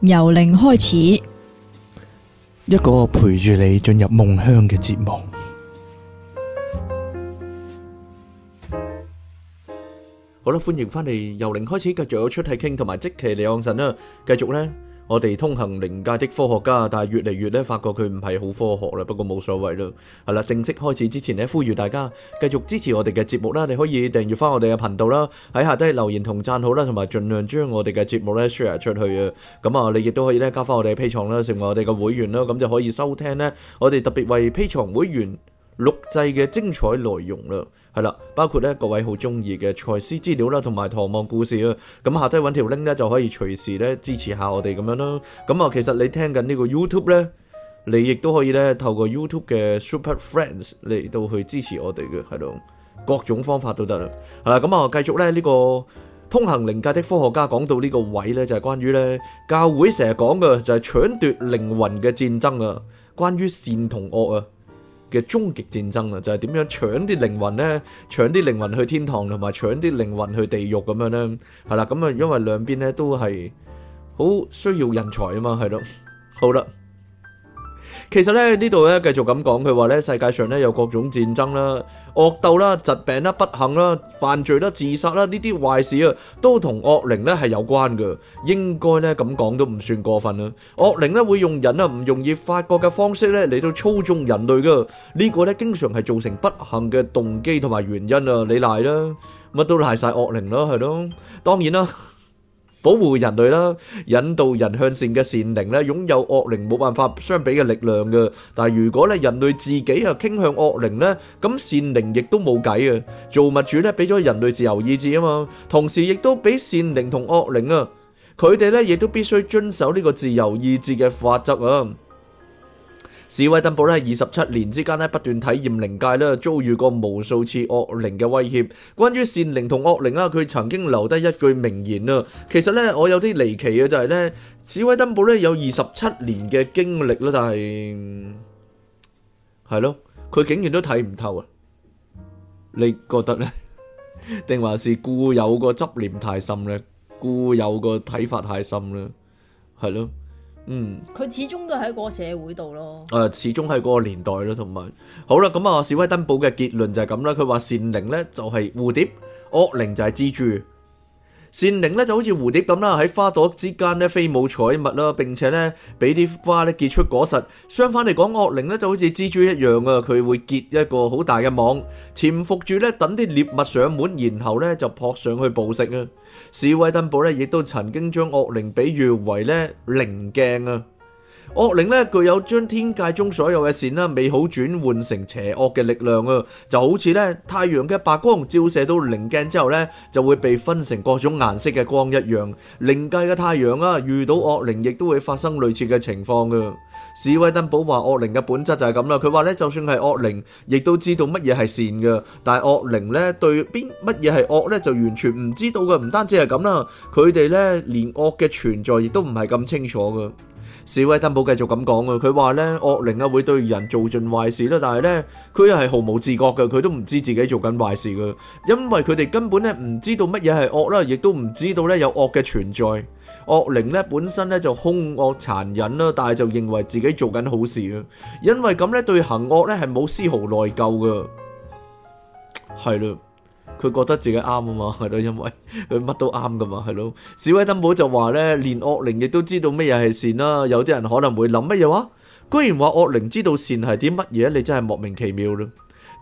由零開始，一個陪住你進入夢鄉嘅節目。好啦，歡迎翻嚟由零開始，繼續有出體傾同埋積奇李安臣啦，繼續咧。我哋通行靈界的科學家，但係越嚟越咧，發覺佢唔係好科學啦。不過冇所謂咯，係啦，正式開始之前咧，呼籲大家繼續支持我哋嘅節目啦。你可以訂閱翻我哋嘅頻道啦，喺下低留言同讚好啦，同埋盡量將我哋嘅節目咧 share 出去啊。咁啊，你亦都可以咧加翻我哋嘅 Patreon 啦，成為我哋嘅會員啦，咁就可以收聽咧。我哋特別為 Patreon 會員錄製嘅精彩內容啦，係啦，包括咧各位好中意嘅財師資料啦，同埋唐望故事啊，咁下低搵條 link 咧就可以隨時咧支持下我哋咁樣咯。咁啊，其實你聽緊呢個 YouTube 咧，你亦都可以咧透過 YouTube 嘅 Super Friends 嚟到去支持我哋嘅，係咯，各種方法都得啦。係啦，咁啊，繼續咧呢個通行靈界的科學家，講到呢個位咧，就係關於咧教會成日講嘅就係搶奪靈魂嘅戰爭啊，關於善同惡啊。嘅終極戰爭啊，就係點樣搶啲靈魂咧？搶啲靈魂去天堂，同埋搶啲靈魂去地獄咁樣咧，係啦。咁啊，因為兩邊咧都係好需要人才啊嘛，係咯。好啦。其實咧，呢度咧繼續咁講，佢話咧，世界上咧有各種戰爭啦、惡鬥啦、疾病啦、不幸啦、犯罪啦、自殺啦呢啲壞事啊，都同惡靈咧係有關噶。應該咧咁講都唔算過分啦。惡靈咧會用人啊唔容易發覺嘅方式咧嚟到操縱人類噶，呢個咧經常係造成不幸嘅動機同埋原因啊。你賴啦，乜都賴晒惡靈啦，係咯。當然啦。保護人類啦，引導人向善嘅善靈咧，擁有惡靈冇辦法相比嘅力量嘅。但係如果咧人類自己啊傾向惡靈咧，咁善靈亦都冇計啊。造物主咧俾咗人類自由意志啊嘛，同時亦都俾善靈同惡靈啊，佢哋咧亦都必須遵守呢個自由意志嘅法則啊。史威登堡咧，二十七年之間咧，不斷體驗靈界咧，遭遇過無數次惡靈嘅威脅。關於善靈同惡靈啊，佢曾經留低一句名言啊。其實呢，我有啲離奇嘅就係呢，史威登堡咧有二十七年嘅經歷啦，但係係咯，佢竟然都睇唔透啊！你覺得呢？定還是固有個執念太深呢？固有個睇法太深咧？係咯？嗯，佢始終都喺個社會度咯。誒，始終係嗰個年代咯，同埋好啦，咁啊，史威登堡嘅結論就係咁啦。佢話善靈咧就係、是、蝴蝶，惡靈就係蜘蛛。善靈咧就好似蝴蝶咁啦，喺花朵之間咧飛舞採蜜啦，並且咧俾啲花咧結出果實。相反嚟講，惡靈咧就好似蜘蛛一樣啊，佢會結一個好大嘅網，潛伏住咧等啲獵物上門，然後咧就撲上去捕食啊。史威登堡咧亦都曾經將惡靈比喻為咧靈鏡啊。惡靈具有將天界中所有嘅善啦，美好轉換成邪惡嘅力量。就好似太陽嘅白光照射到棱鏡之後，就會被分成各種顏色嘅光一樣。靈界嘅太陽，遇到惡靈亦都會發生類似嘅情況。史威登堡話惡靈嘅本質就係咁啦，佢話就算係惡靈，亦都知道乜嘢係善㗎，但惡靈對乜嘢係惡呢，就完全唔知道，唔單止係咁啦，佢哋連惡嘅存在亦都唔係咁清楚。史威登堡繼續咁講啊，佢話咧惡靈啊會對人做盡壞事啦，但係咧佢又係毫無自覺嘅，佢都唔知自己做緊壞事嘅，因為佢哋根本咧唔知道乜嘢係惡啦，亦都唔知道咧有惡嘅存在。惡靈咧本身咧就兇惡殘忍啦，但係就認為自己做緊好事啊，因為咁咧對行惡咧係冇絲毫內疚嘅，係啦。佢覺得自己啱啊嘛，係咯，因為佢乜都啱噶嘛，係咯。史威登堡就話咧，連惡靈亦都知道乜嘢係善啦、啊。有啲人可能會諗乜嘢話？居然話惡靈知道善係啲乜嘢？你真係莫名其妙咯。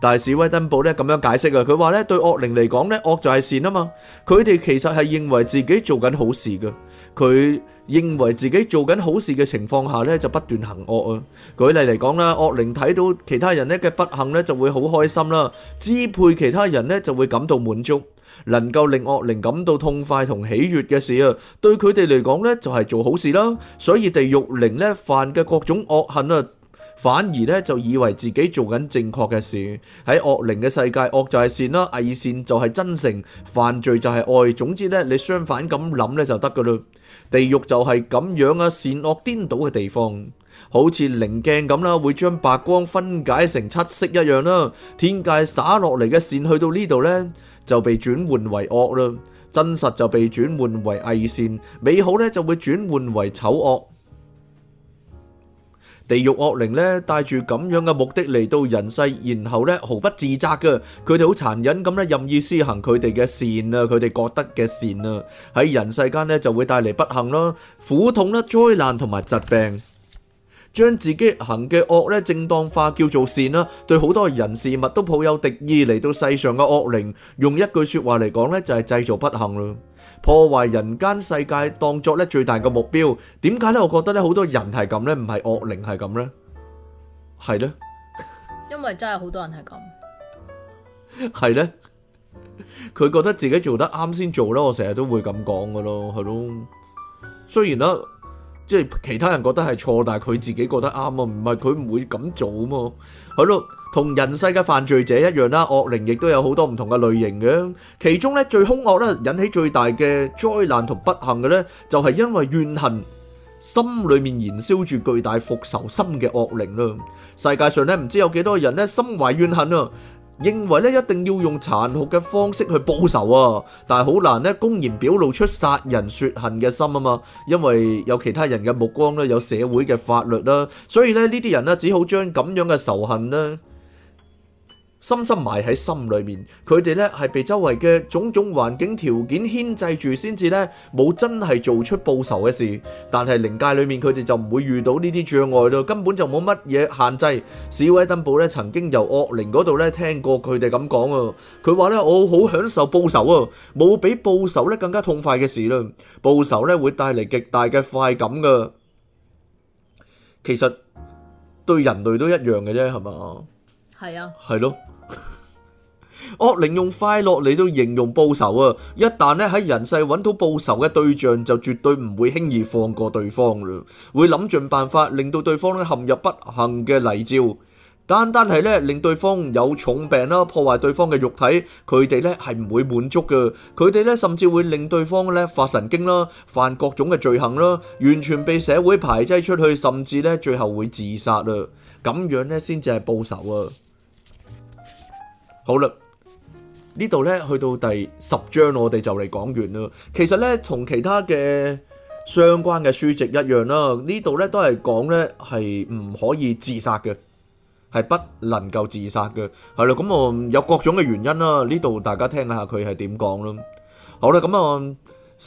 但係史威登堡咧咁樣解釋啊，佢話咧對惡靈嚟講咧惡就係善啊嘛。佢哋其實係認為自己做緊好事嘅。佢認為自己做緊好事嘅情況下咧，就不斷行惡啊！舉例嚟講啦，惡靈睇到其他人咧嘅不幸咧，就會好開心啦，支配其他人咧就會感到滿足，能夠令惡靈感到痛快同喜悅嘅事啊，對佢哋嚟講咧就係做好事啦。所以地獄靈咧犯嘅各種惡行啊！反而咧就以為自己做緊正確嘅事，喺惡靈嘅世界，惡就係善啦，偽善就係真誠，犯罪就係愛。總之咧，你相反咁諗咧就得噶啦。地獄就係咁樣啊，善惡顛倒嘅地方，好似棱鏡咁啦，會將白光分解成七色一樣啦。天界灑落嚟嘅善去到呢度咧，就被轉換為惡啦。真實就被轉換為偽善，美好咧就會轉換為醜惡。地獄惡靈咧，帶住咁樣嘅目的嚟到人世，然後咧毫不自責嘅，佢哋好殘忍咁咧，任意施行佢哋嘅善啊，佢哋覺得嘅善啊，喺人世間咧就會帶嚟不幸咯、苦痛啦、災難同埋疾病。將自己行嘅惡咧正當化叫做善啦，對好多人事物都抱有敵意嚟到世上嘅惡靈，用一句說話嚟講咧就係製造不幸啦，破壞人間世界當作咧最大嘅目標。點解咧？我覺得咧好多人係咁咧，唔係惡靈係咁咧，係咧，因為真係好多人係咁，係咧，佢覺得自己做得啱先做啦。我成日都會咁講㗎咯，係咯，雖然啦。即係其他人覺得係錯，但係佢自己覺得啱啊！唔係佢唔會咁做啊嘛，係咯，同人世嘅犯罪者一樣啦。惡靈亦都有好多唔同嘅類型嘅，其中咧最兇惡咧引起最大嘅災難同不幸嘅咧，就係因為怨恨心裏面燃燒住巨大復仇心嘅惡靈啦。世界上咧唔知有幾多人咧心懷怨恨啊！認為咧一定要用殘酷嘅方式去報仇啊，但係好難咧公然表露出殺人雪恨嘅心啊嘛，因為有其他人嘅目光啦，有社會嘅法律啦，所以咧呢啲人咧只好將咁樣嘅仇恨咧。深深埋喺心裏面，佢哋咧係被周圍嘅種種環境條件牽制住，先至咧冇真係做出報仇嘅事。但係靈界裏面，佢哋就唔會遇到呢啲障礙咯，根本就冇乜嘢限制。史威登堡咧曾經由惡靈嗰度咧聽過佢哋咁講啊，佢話咧我好享受報仇啊，冇比報仇咧更加痛快嘅事啦。報仇咧會帶嚟極大嘅快感噶。其實對人類都一樣嘅啫，係嘛？係啊。係咯。惡靈、哦、用快樂嚟到形容報仇啊！一旦咧喺人世揾到報仇嘅對象，就絕對唔會輕易放過對方咯，會諗盡辦法令到對方咧陷入不幸嘅泥沼。單單係咧令對方有重病啦，破壞對方嘅肉體，佢哋咧係唔會滿足嘅。佢哋咧甚至會令對方咧發神經啦，犯各種嘅罪行啦，完全被社會排擠出去，甚至咧最後會自殺啦。咁樣咧先至係報仇啊！好啦。呢度呢，去到第十章，我哋就嚟講完啦。其實呢，同其他嘅相關嘅書籍一樣啦，呢度呢，都係講呢，係唔可以自殺嘅，係不能夠自殺嘅，係咯。咁、嗯、啊，有各種嘅原因啦。呢度大家聽下佢係點講咯。好啦，咁、嗯、啊。嗯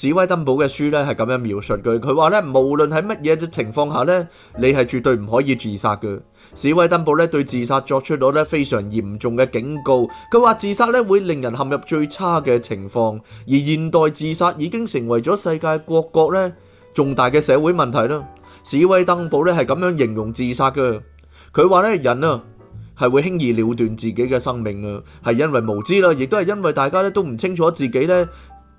史威登堡嘅書咧係咁樣描述嘅，佢話咧無論喺乜嘢嘅情況下咧，你係絕對唔可以自殺嘅。史威登堡咧對自殺作出咗咧非常嚴重嘅警告，佢話自殺咧會令人陷入最差嘅情況，而現代自殺已經成為咗世界各國咧重大嘅社會問題啦。史威登堡咧係咁樣形容自殺嘅，佢話咧人啊係會輕易了斷自己嘅生命啊，係因為無知啦，亦都係因為大家咧都唔清楚自己咧。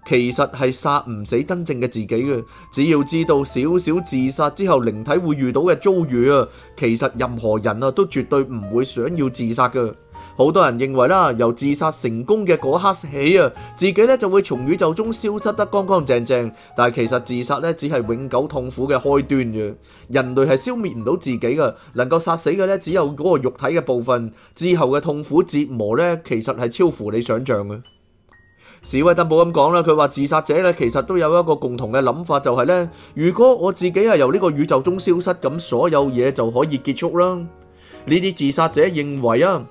其實係殺唔死真正嘅自己嘅，只要知道少少自殺之後靈體會遇到嘅遭遇啊，其實任何人啊都絕對唔會想要自殺嘅。好多人認為啦，由自殺成功嘅嗰刻起啊，自己咧就會從宇宙中消失得乾乾淨淨。但係其實自殺咧只係永久痛苦嘅開端嘅，人類係消滅唔到自己嘅，能夠殺死嘅咧只有嗰個肉體嘅部分。之後嘅痛苦折磨咧，其實係超乎你想象嘅。史威登堡咁講啦，佢話自殺者咧，其實都有一個共同嘅諗法，就係咧，如果我自己係由呢個宇宙中消失，咁所有嘢就可以結束啦。呢啲自殺者認為啊，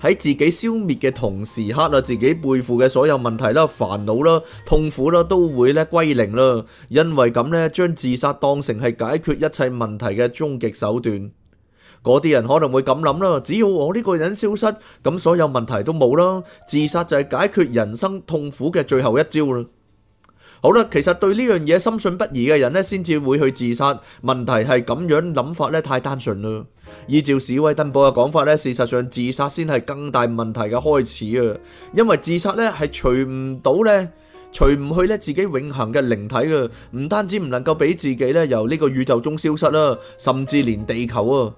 喺自己消滅嘅同時刻啊，自己背負嘅所有問題啦、煩惱啦、痛苦啦，都會咧歸零啦，因為咁咧，將自殺當成係解決一切問題嘅終極手段。嗰啲人可能會咁諗啦，只要我呢個人消失，咁所有問題都冇啦。自殺就係解決人生痛苦嘅最後一招啦。好啦，其實對呢樣嘢深信不疑嘅人呢，先至會去自殺。問題係咁樣諗法咧，太單純啦。依照史威登堡嘅講法咧，事實上自殺先係更大問題嘅開始啊。因為自殺咧係除唔到咧，除唔去咧自己永恆嘅靈體啊。唔單止唔能夠俾自己咧由呢個宇宙中消失啦，甚至連地球啊。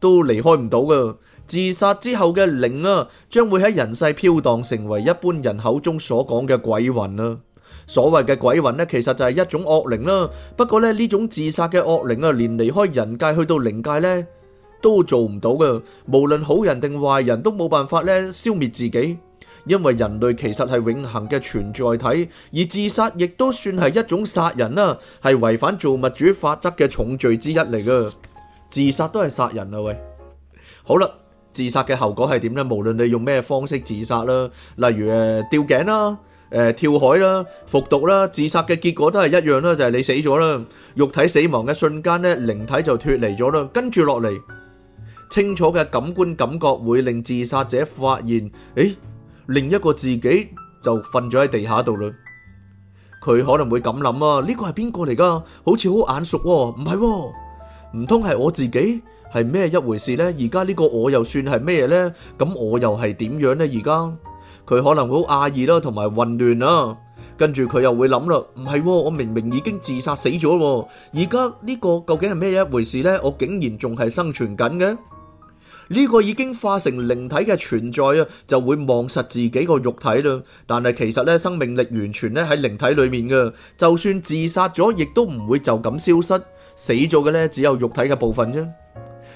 都離開唔到嘅。自殺之後嘅靈啊，將會喺人世飄蕩，成為一般人口中所講嘅鬼魂啊。所謂嘅鬼魂呢，其實就係一種惡靈啦。不過咧，呢種自殺嘅惡靈啊，連離開人界去到靈界呢，都做唔到嘅。無論好人定壞人，都冇辦法咧消滅自己，因為人類其實係永恆嘅存在體，而自殺亦都算係一種殺人啦、啊，係違反造物主法則嘅重罪之一嚟嘅。自殺都係殺人啦、啊，喂！好啦，自殺嘅後果係點呢？無論你用咩方式自殺啦、啊，例如誒、呃、吊頸啦、啊、誒、呃、跳海啦、啊、服毒啦、啊，自殺嘅結果都係一樣啦，就係、是、你死咗啦。肉體死亡嘅瞬間呢，靈體就脫離咗啦。跟住落嚟，清楚嘅感官感覺會令自殺者發現，誒、欸，另一個自己就瞓咗喺地下度啦。佢可能會咁諗啊，呢個係邊個嚟噶？好似好眼熟喎，唔係？唔通係我自己？係咩一回事呢？而家呢個我又算係咩呢？咁我又係點樣呢？而家佢可能會好訝異啦，同埋混亂啊。跟住佢又會諗啦，唔係我明明已經自殺死咗，而家呢個究竟係咩一回事呢？我竟然仲係生存緊嘅。呢個已經化成靈體嘅存在啊，就會望實自己個肉體啦。但係其實咧，生命力完全咧喺靈體裏面嘅，就算自殺咗，亦都唔會就咁消失。死咗嘅呢，只有肉體嘅部分啫。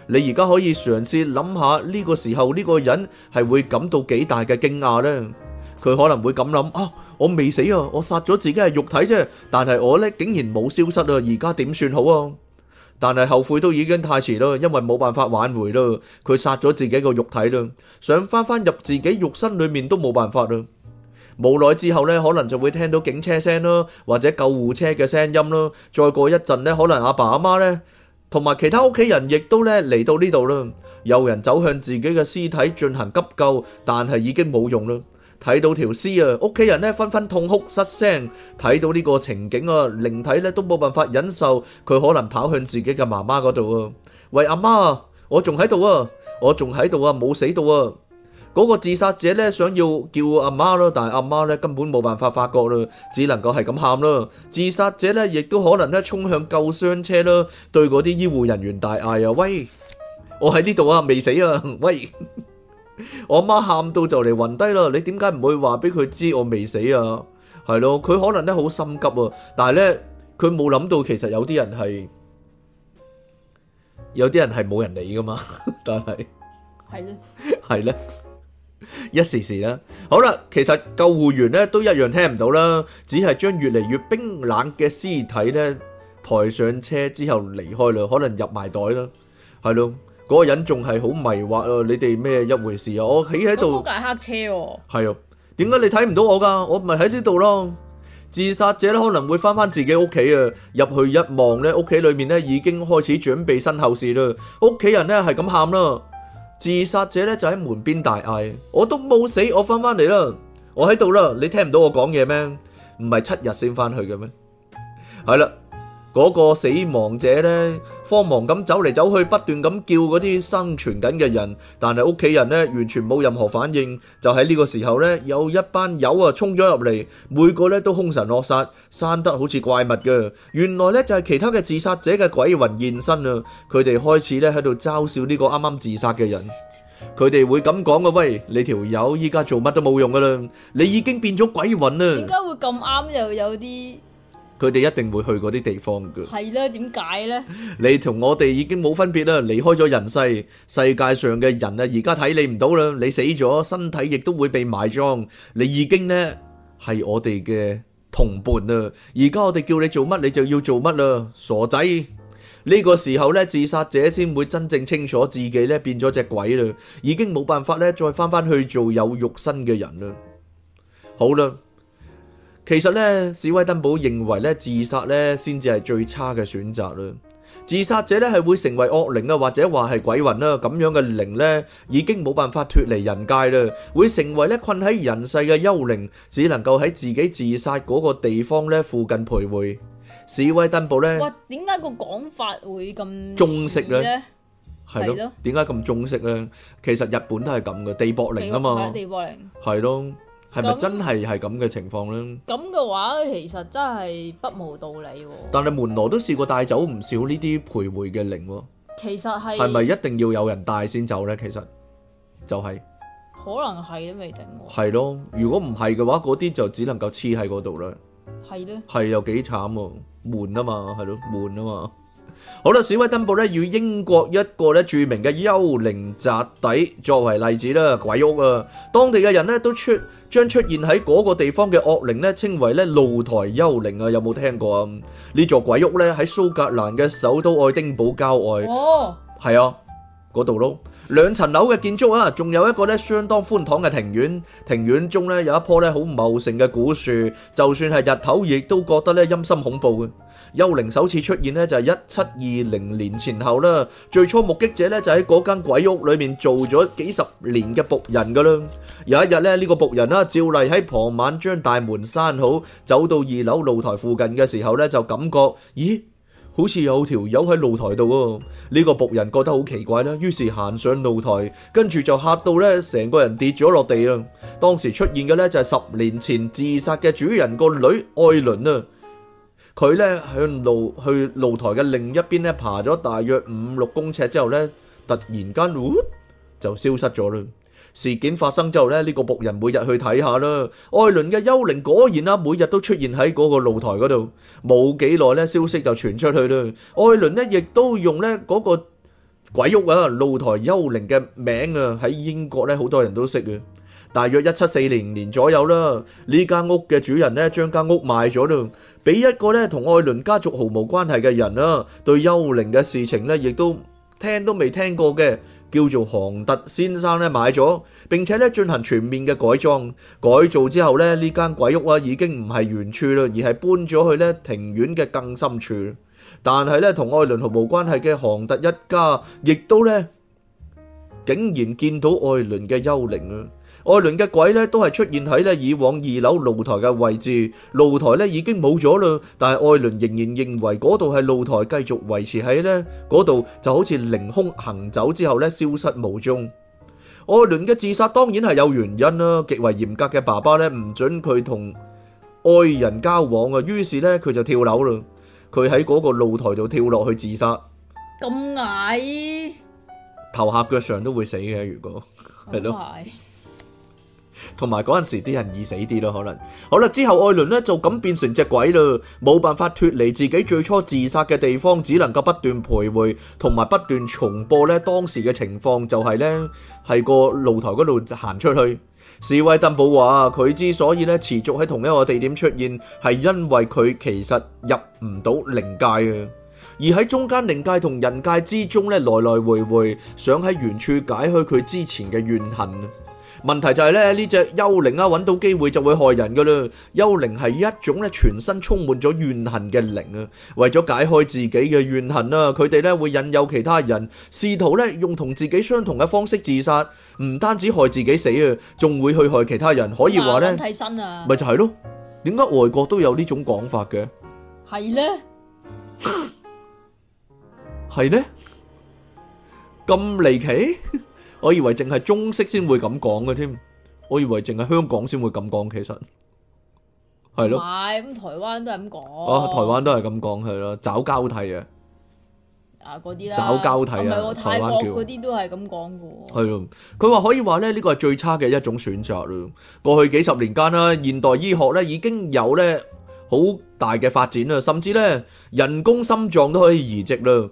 你而家可以嘗試諗下，呢個時候呢個人係會感到幾大嘅驚訝呢？佢可能會咁諗啊，我未死啊，我殺咗自己係肉體啫，但係我呢，竟然冇消失啊，而家點算好啊？但係後悔都已經太遲咯，因為冇辦法挽回咯。佢殺咗自己個肉體啦，想翻翻入自己肉身裏面都冇辦法啦。冇耐之後呢，可能就會聽到警車聲咯，或者救護車嘅聲音咯。再過一陣呢，可能阿爸阿媽呢，同埋其他屋企人亦都呢嚟到呢度啦。有人走向自己嘅屍體進行急救，但係已經冇用啦。睇到條屍啊，屋企人呢，紛紛痛哭失聲。睇到呢個情景啊，靈體呢都冇辦法忍受，佢可能跑向自己嘅媽媽嗰度啊。喂，阿媽啊，我仲喺度啊，我仲喺度啊，冇死到啊！嗰個自殺者咧想要叫阿媽咯，但係阿媽咧根本冇辦法發覺咯，只能夠係咁喊咯。自殺者咧亦都可能咧衝向救傷車咯，對嗰啲醫護人員大嗌啊！喂，我喺呢度啊，未死啊！喂， 我阿媽喊到就嚟暈低啦！你點解唔會話俾佢知我未死啊？係咯，佢可能咧好心急啊，但係咧佢冇諗到其實有啲人係有啲人係冇人理噶嘛，但係係咧，係咧的。 一時時啦，好啦，其實救護員咧都一樣聽唔到啦，只係將越嚟越冰冷嘅屍體咧抬上車之後離開啦，可能入埋袋啦，係咯，嗰個人仲係好迷惑啊，你哋咩一回事啊？我企喺度，嗰架黑車，係啊，點解你睇唔到我噶？我咪喺呢度咯。自殺者咧可能會翻翻自己屋企啊，入去一望咧，屋企裏面咧已經開始準備身後事啦，屋企人咧係咁喊啦。自殺者呢就喺門邊大嗌：我都冇死，我返返嚟啦，我喺度啦！你聽唔到我講嘢咩？唔係七日先返去嘅咩？係啦。嗰個死亡者咧，慌忙咁走嚟走去，不斷咁叫嗰啲生存緊嘅人，但係屋企人咧完全冇任何反應。就喺呢個時候咧，有一班友啊，沖咗入嚟，每個咧都凶神惡煞，生得好似怪物噶原來咧就係、是、其他嘅自殺者嘅鬼魂現身啊！佢哋開始咧喺度嘲笑呢個啱啱自殺嘅人，佢哋會咁講噶：喂，你條友依家做乜都冇用噶啦，你已經變咗鬼魂啦！點解會咁啱又有啲？佢哋一定會去嗰啲地方嘅。係啦，點解呢？你同我哋已經冇分別啦，離開咗人世，世界上嘅人啊，而家睇你唔到啦，你死咗，身體亦都會被埋葬，你已經呢，係我哋嘅同伴啦。而家我哋叫你做乜，你就要做乜啦，傻仔。呢個時候呢，自殺者先會真正清楚自己呢變咗隻鬼啦，已經冇辦法咧再翻翻去做有肉身嘅人啦。好啦。其實咧，史威登堡認為咧，自殺咧先至係最差嘅選擇啦。自殺者咧係會成為惡靈啊，或者話係鬼魂啦。咁樣嘅靈咧，已經冇辦法脫離人界啦，會成為咧困喺人世嘅幽靈，只能夠喺自己自殺嗰個地方咧附近徘徊。史威登堡咧，哇，點解個講法會咁中式咧？係咯，點解咁中式咧？其實日本都係咁嘅地縛靈啊嘛，地縛靈係咯。係咪真係係咁嘅情況呢？咁嘅話，其實真係不無道理喎。但係門羅都試過帶走唔少呢啲徘徊嘅靈喎。其實係係咪一定要有人帶先走呢？其實就係、是、可能係都未定喎。係咯，如果唔係嘅話，嗰啲就只能夠黐喺嗰度啦。係咯的，係又幾慘喎。悶啊嘛，係咯，悶啊嘛。好啦，史威登堡咧，以英國一個咧著名嘅幽靈宅邸作為例子啦，鬼屋啊，當地嘅人咧都出將出現喺嗰個地方嘅惡靈咧稱為咧露台幽靈啊，有冇聽過啊？呢座鬼屋咧喺蘇格蘭嘅首都愛丁堡郊外，哦，係啊。嗰度咯，兩層樓嘅建築啊，仲有一個咧相當寬敞嘅庭院，庭院中咧有一棵咧好茂盛嘅古樹，就算係日頭亦都覺得咧陰森恐怖嘅。幽靈首次出現咧就係一七二零年前後啦，最初目擊者咧就喺嗰間鬼屋裏面做咗幾十年嘅僕人㗎啦，有一日咧呢個僕人啦，照例喺傍晚將大門閂好，走到二樓露台附近嘅時候咧就感覺，咦？好似有條友喺露台度喎，呢、這個僕人覺得好奇怪啦，於是行上露台，跟住就吓到咧，成個人跌咗落地啦。當時出現嘅咧就係十年前自殺嘅主人個女艾倫啊，佢咧向露去露台嘅另一邊咧爬咗大約五六公尺之後咧，突然間、呃、就消失咗啦。事件發生之後咧，呢個僕人每日去睇下啦。愛倫嘅幽靈果然啦，每日都出現喺嗰個露台嗰度。冇幾耐咧，消息就傳出去啦。愛倫咧亦都用咧嗰個鬼屋啊，露台幽靈嘅名啊，喺英國咧好多人都識嘅。大約一七四零年左右啦，呢間屋嘅主人咧將間屋賣咗啦，俾一個咧同愛倫家族毫無關係嘅人啦，對幽靈嘅事情咧亦都，聽都未聽過嘅，叫做韓特先生咧買咗，並且咧進行全面嘅改裝改造之後咧，呢間鬼屋啊已經唔係原處啦，而係搬咗去咧庭院嘅更深處。但係咧，同愛倫毫無關係嘅韓特一家，亦都咧竟然見到愛倫嘅幽靈啊！艾倫嘅鬼咧都係出現喺咧以往二樓露台嘅位置，露台咧已經冇咗啦，但係艾倫仍然認為嗰度係露台，繼續維持喺咧嗰度，就好似凌空行走，之後咧消失無蹤。艾倫嘅自殺當然係有原因啦，極為嚴格嘅爸爸咧唔准佢同愛人交往啊，於是咧佢就跳樓啦，佢喺嗰個露台度跳落去自殺。咁矮，頭下腳上都會死嘅，如果係咯。同埋嗰陣時啲人易死啲咯，可能好啦。之後，愛倫呢就咁變成隻鬼咯，冇辦法脫離自己最初自殺嘅地方，只能夠不斷徘徊，同埋不斷重播呢當時嘅情況。就係呢，係個露台嗰度行出去。史威登堡話：佢之所以呢持續喺同一個地點出現，係因為佢其實入唔到靈界啊。而喺中間靈界同人界之中呢，來來回回，想喺原處解開佢之前嘅怨恨。問題就係咧，呢隻幽靈啊，揾到機會就會害人噶啦。幽靈係一種咧，全身充滿咗怨恨嘅靈啊，為咗解開自己嘅怨恨啊，佢哋咧，會引誘其他人，試圖咧，用同自己相同嘅方式自殺，唔單止害自己死啊，仲會去害其他人。可以話咧，替身啊，咪就係咯。點解外國都有呢種講法嘅？係呢，係呢，咁離奇。我以為淨係中式先會咁講嘅添，我以為淨係香港先會咁講，其實係咯，唔係咁台灣都係咁講，啊台灣都係咁講係咯，找交替啊，啊嗰啲啦，找交替啊，唔係我泰國嗰啲都係咁講嘅喎，係咯，佢話可以話咧呢個係最差嘅一種選擇咯。過去幾十年間啦，現代醫學咧已經有咧好大嘅發展啦，甚至咧人工心臟都可以移植啦。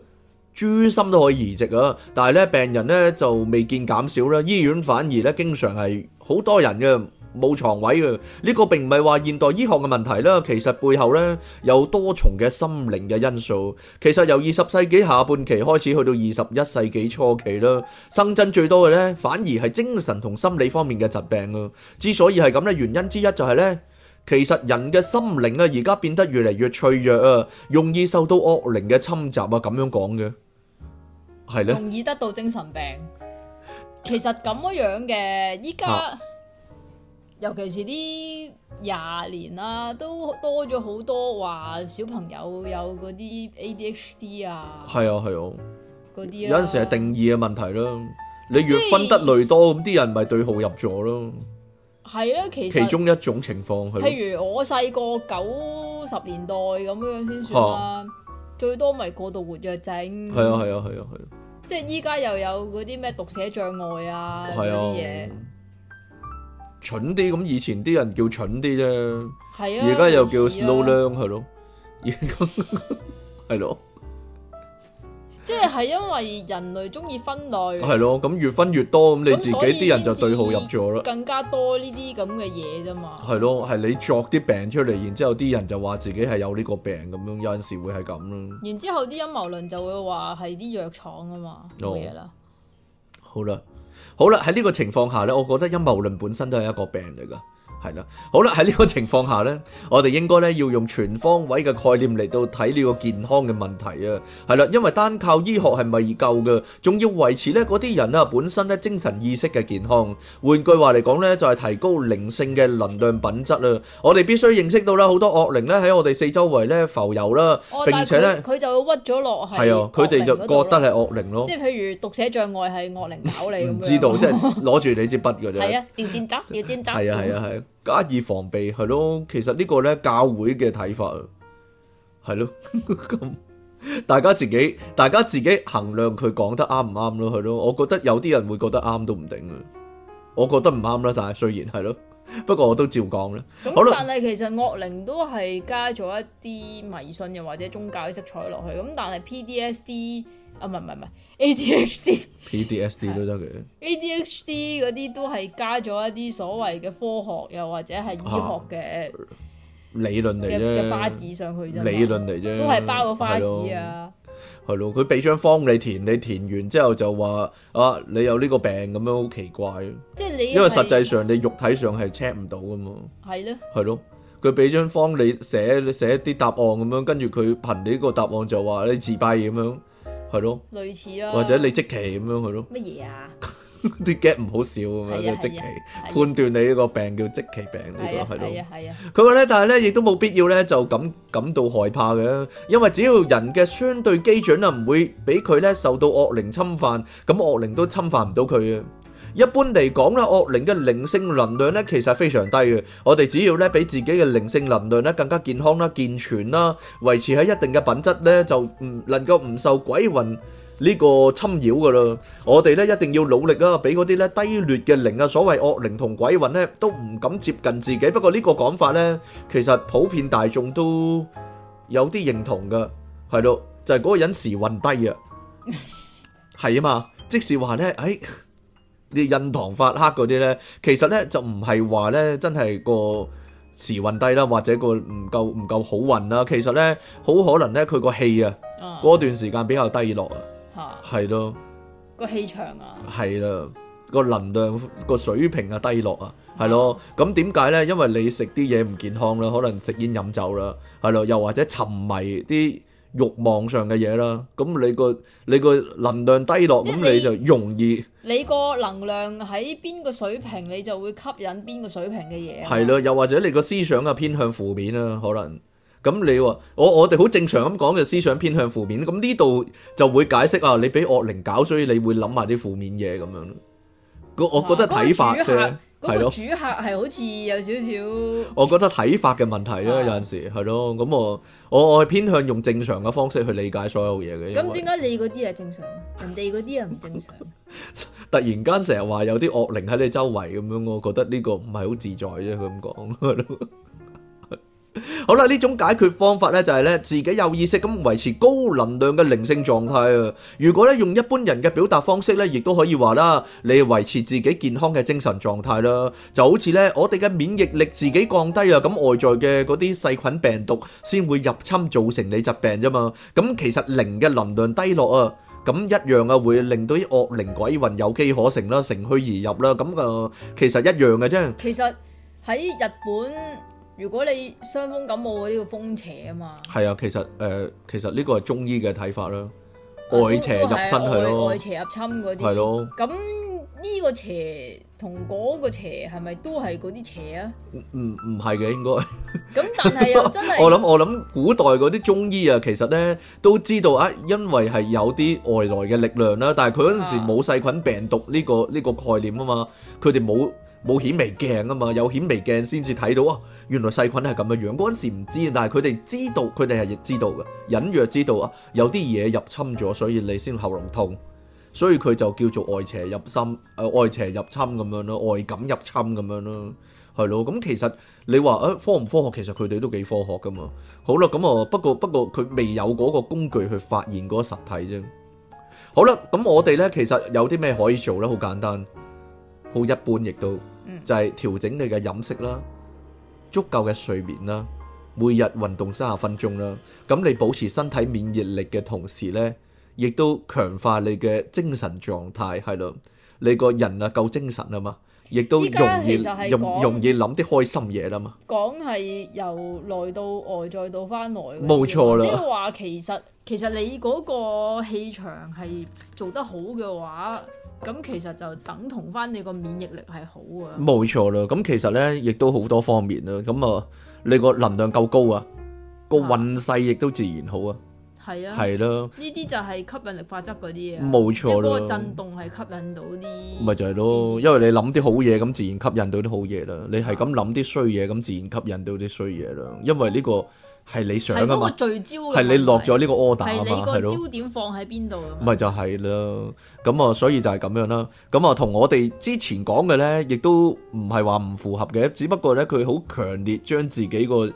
豬心都可以移植啊，但係咧病人咧就未見減少啦。醫院反而咧經常係好多人嘅，冇床位嘅。呢個並唔係話現代醫學嘅問題啦，其實背後咧有多重嘅心靈嘅因素。其實由二十世紀下半期開始去到二十一世紀初期啦，新增最多嘅咧反而係精神同心理方面嘅疾病啊。之所以係咁咧，原因之一就係咧，其實人嘅心靈啊，而家變得越嚟越脆弱啊，容易受到惡靈嘅侵襲啊，咁樣講嘅。容易得到精神病，其實咁樣樣嘅，依家、啊、尤其是呢廿年啦、啊，都多咗好多話小朋友有嗰啲 ADHD 啊，係啊係啊，嗰啲、啊、有陣時係定義嘅問題啦，你越分得類多，咁啲是人咪對號入座咯。係咧、啊，其其中一種情況、啊、譬如我細個九十年代咁樣樣先算啦、啊，啊、最多咪過度活躍症。係啊係啊係啊係啊。即係而家又有嗰啲咩讀寫障礙啊啲嘢，啊、蠢啲咁以前啲人叫蠢啲啫，而家、啊、又叫 Slow down 係咯，而家係咯。即係因為人類中意分類，係咯，咁越分越多，咁你自己啲人就對號入座啦。更加多呢啲咁嘅嘢啫嘛。係咯、哦，係你作啲病出嚟，然之後啲人就話自己係有呢個病咁樣，有陣時會係咁咯。然之後啲陰謀論就會話係啲藥廠啊嘛，冇嘢啦。好啦，好啦，喺呢個情況下呢，我覺得陰謀論本身都係一個病嚟噶。係啦，好啦，喺呢個情況下咧，我哋應該咧要用全方位嘅概念嚟到睇呢個健康嘅問題啊。係啦，因為單靠醫學係咪而夠嘅？仲要維持咧嗰啲人啊本身咧精神意識嘅健康。換句話嚟講咧，就係提高靈性嘅能量品質啦。我哋必須認識到啦，好多惡靈咧喺我哋四周圍咧浮遊啦，並且咧佢就屈咗落去，係啊，佢哋就覺得係惡靈咯。即係譬如讀寫障礙係惡靈搞你，唔知道即係攞住你支筆嘅啫。係啊，掉箭執，掉箭執。係啊係。加以防備係咯，其實個呢個咧教會嘅睇法，係咯咁 大家自己大家自己衡量佢講得啱唔啱咯，係咯，我覺得有啲人會覺得啱都唔定，我覺得唔啱啦，但係雖然係咯，不過我都照講啦。咁但係其實惡靈都係加咗一啲迷信又或者宗教嘅色彩落去咁，但係 PDSD。啊，唔係唔係唔係，A D H D、P D S D 都得嘅 A D H D 嗰啲都係加咗一啲所謂嘅科學，又或者係醫學嘅理論嚟啫嘅花紙上去，啫、啊，理論嚟啫，都係包個花紙啊。係咯，佢俾張方你填，你填完之後就話啊，你有呢個病咁樣，好奇怪。即係你是因為實際上你肉體上係 check 唔到噶嘛，係咯的，係咯，佢俾張方你寫，你寫一啲答案咁樣，跟住佢憑你呢個答案就話你自閉嘅咁樣。係咯，類似啊、或者你即期咁樣去咯，乜嘢麼 啊？啲 get 唔好笑啊嘛，即期判斷你呢個病叫即期病呢、啊這個係、啊、咯。係啊佢話咧，但係咧，亦都冇必要咧，就感感到害怕嘅，因為只要人嘅相對基準啊，唔會俾佢咧受到惡靈侵犯，咁惡靈都侵犯唔到佢啊。一般嚟講咧，惡靈嘅靈性能量咧，其實非常低嘅。我哋只要咧，俾自己嘅靈性能量咧更加健康啦、健全啦，維持喺一定嘅品質咧，就唔能夠唔受鬼魂呢個侵擾噶啦。我哋咧一定要努力啊，俾嗰啲咧低劣嘅靈啊，所謂惡靈同鬼魂咧，都唔敢接近自己。不過呢個講法咧，其實普遍大眾都有啲認同噶，係咯，就係嗰個人時運低啊，係啊嘛，即是話咧，哎。啲印堂發黑嗰啲咧，其實咧就唔係話咧真係個時運低啦，或者個唔夠唔夠好運啦。其實咧好可能咧佢個氣啊，嗰段時間比較低落啊，係咯，個氣場啊，係啦個能量個水平啊低落啊，係咯。咁點解咧？因為你食啲嘢唔健康啦，可能食煙飲酒啦，係咯，又或者沉迷啲欲望上嘅嘢啦。咁你個你個能量低落，咁你就容易。你個能量喺邊個水平，你就會吸引邊個水平嘅嘢。係咯，又或者你個思想啊偏向負面啦。可能咁你話我我哋好正常咁講嘅思想偏向負面，咁呢度就會解釋啊，你俾惡靈搞，所以你會諗下啲負面嘢咁樣。我我覺得睇法嘅。啊那個係主客係好似有少少，我覺得睇法嘅問題咯，啊、有陣時係咯，咁我我我係偏向用正常嘅方式去理解所有嘢嘅。咁點解你嗰啲係正常，人哋嗰啲又唔正常？ 突然間成日話有啲惡靈喺你周圍咁樣，我覺得呢個唔係好自在啫。佢咁講。 好啦，呢種解決方法呢，就係呢自己有意識咁維持高能量嘅靈性狀態啊！如果咧用一般人嘅表達方式呢，亦都可以話啦，你維持自己健康嘅精神狀態啦，就好似呢我哋嘅免疫力自己降低啊，咁外在嘅嗰啲細菌病毒先會入侵造成你疾病啫嘛！咁其實靈嘅能量低落啊，咁一樣啊會令到啲惡靈鬼魂有機可乘啦，乘虛而入啦，咁啊，其實一樣嘅啫。其實喺日本。如果你傷風感冒嗰啲叫風邪啊嘛，係啊，其實誒，其實呢個係中醫嘅睇法啦，外邪入身去咯，外邪入侵嗰啲係咯。咁呢個邪同嗰個邪係咪都係嗰啲邪啊？唔唔唔係嘅，應該。咁但係真係我諗我諗古代嗰啲中醫啊，其實咧都知道啊，因為係有啲外來嘅力量啦，但係佢嗰陣時冇細菌病毒呢個呢個概念啊嘛，佢哋冇。冇顯微鏡啊嘛，有顯微鏡先至睇到啊，原來細菌係咁樣樣。嗰陣時唔知，但係佢哋知道，佢哋係亦知道嘅，隱約知道啊，有啲嘢入侵咗，所以你先喉嚨痛。所以佢就叫做外邪入侵，誒、啊、外邪入侵咁樣咯，外感入侵咁樣咯，係咯。咁、嗯、其實你話誒、啊、科唔科學，其實佢哋都幾科學噶嘛。好啦，咁啊，不過不過佢未有嗰個工具去發現嗰個實體啫。好啦，咁我哋咧其實有啲咩可以做咧，好簡單。好一般，亦都就係調整你嘅飲食啦，足夠嘅睡眠啦，每日運動三十分鐘啦。咁你保持身體免疫力嘅同時呢，亦都強化你嘅精神狀態，係咯，你個人啊夠精神啊嘛，亦都容易容易諗啲開心嘢啦嘛。講係由內到外再到翻來，冇錯啦。即係話其實其實你嗰個氣場係做得好嘅話。咁其實就等同翻你個免疫力係好啊，冇錯啦。咁其實咧，亦都好多方面啦。咁啊，你個能量夠高啊，個運勢亦都自然好啊。係啊，係咯，呢啲就係吸引力法則嗰啲嘢。冇錯啦，即係嗰個震動係吸引到啲。咪就係咯，因為你諗啲好嘢，咁自然吸引到啲好嘢啦。你係咁諗啲衰嘢，咁自然吸引到啲衰嘢啦。因為呢個。係你想吖嘛？嗰聚焦，係你落咗呢個 order，係你個焦點放喺邊度啊？唔係就係啦，咁啊，所以就係咁樣啦。咁啊，同我哋之前講嘅咧，亦都唔係話唔符合嘅，只不過咧，佢好強烈將自己個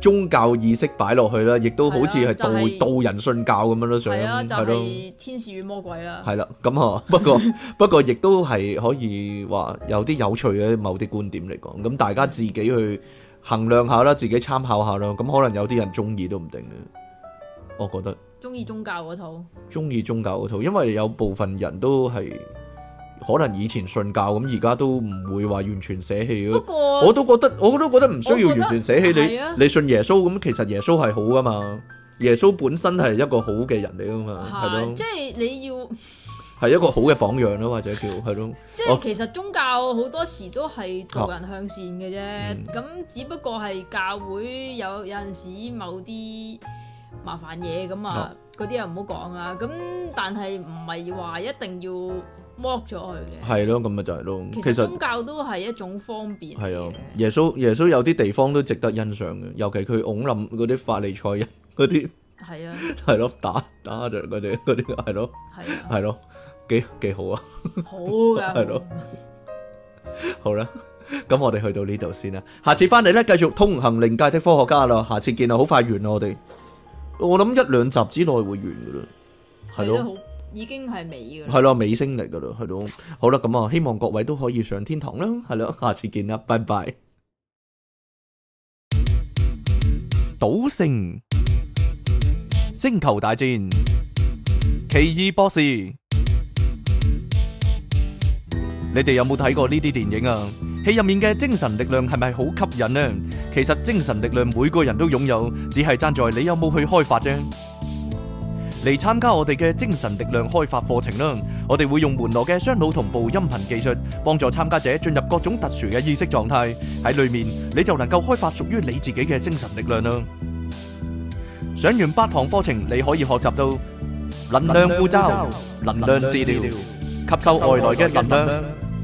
宗教意識擺落去啦，亦都好似係道導、就是、人信教咁樣咯，上係咯，就是、天使與魔鬼啦，係啦。咁啊，不過 不過，亦都係可以話有啲有趣嘅某啲觀點嚟講，咁大家自己去。衡量下啦，自己參考下啦，咁可能有啲人中意都唔定嘅。我覺得中意宗教嗰套，中意宗教嗰套，因為有部分人都係可能以前信教，咁而家都唔會話完全捨棄咯。不過我都覺得，我都覺得唔需要完全捨棄你。啊、你信耶穌咁，其實耶穌係好噶嘛，耶穌本身係一個好嘅人嚟噶嘛，係咯、啊，吧即係你要係一個好嘅榜樣咯，或者叫係咯。即係其實宗教好多時都係導人向善嘅啫。咁、啊嗯、只不過係教會有有陣時某啲麻煩嘢咁啊，嗰啲又唔好講啊。咁但係唔係話一定要剝咗佢嘅。係咯，咁咪就係咯。其實宗教都係一種方便。係啊，耶穌耶穌有啲地方都值得欣賞嘅，尤其佢擁立嗰啲法利賽人嗰啲。係啊。係 咯，打打著嗰啲嗰啲係咯。係咯。是幾幾好啊！好噶，係咯，好啦，咁我哋去到呢度先啦。下次翻嚟咧，繼續通行靈界的科學家啦。下次見啊，好快完啊。我哋，我諗一兩集之內會完噶啦，係咯，已經係尾噶啦，係咯，尾聲嚟噶啦，係咯，好啦，咁啊，希望各位都可以上天堂啦，係咯，下次見啦，拜拜。賭聖、星球大戰，奇異博士。你哋有冇睇過呢啲電影啊？戲入面嘅精神力量係咪好吸引呢？其實精神力量每個人都擁有，只係爭在你有冇去開發啫。嚟參加我哋嘅精神力量開發課程啦！我哋會用門羅嘅雙腦同步音頻技術，幫助參加者進入各種特殊嘅意識狀態。喺裏面你就能夠開發屬於你自己嘅精神力量啦。上完八堂課程，你可以學習到能量護罩、能量治療、吸收外來嘅能量。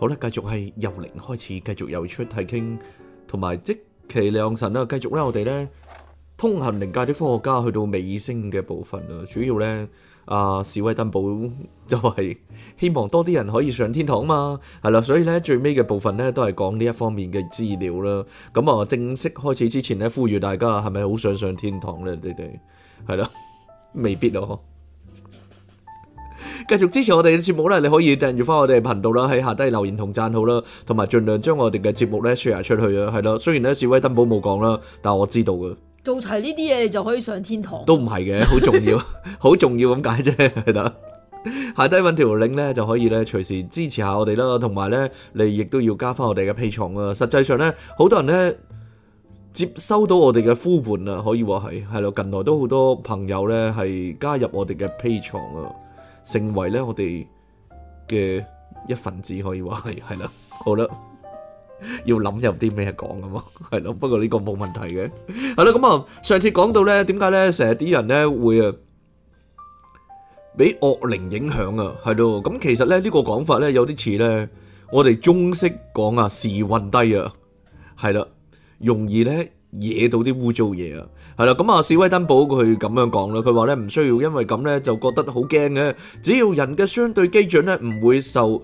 好啦，繼續係由零開始，繼續由出係傾，同埋即其良神啦。繼續咧，我哋咧通行靈界啲科學家去到尾聲嘅部分啦。主要咧，阿、啊、史威登堡就係希望多啲人可以上天堂嘛。係啦，所以咧最尾嘅部分咧都係講呢一方面嘅資料啦。咁啊，正式開始之前咧，呼籲大家係咪好想上天堂咧？你哋係啦，未必咯。繼續支持我哋嘅節目咧，你可以訂閱翻我哋嘅頻道啦，喺下低留言同讚好啦，同埋盡量將我哋嘅節目咧 share 出去啊，係咯，雖然咧史威登堡冇講啦，但係我知道嘅。做齊呢啲嘢，你就可以上天堂。都唔係嘅，好重要，好 重要咁解啫，係啦。下低揾條 link 咧，就可以咧隨時支持下我哋啦，同埋咧你亦都要加翻我哋嘅 Patreon 啊。實際上咧，好多人咧接收到我哋嘅呼喚啊，可以話係係咯，近來都好多朋友咧係加入我哋嘅 Patreon 啊。成為咧我哋嘅一份子可以話係係啦，好啦，要諗入啲咩講㗎嘛，係咯，不過呢個冇問題嘅，係啦，咁啊，上次講到咧，點解咧成日啲人咧會啊，俾惡靈影響啊，係咯，咁其實咧呢個講法咧有啲似咧我哋中式講啊，時運低啊，係啦，容易咧惹到啲污糟嘢啊。係啦，咁啊，史威登堡佢咁樣講啦，佢話咧唔需要因為咁咧就覺得好驚嘅，只要人嘅相對基準咧唔會受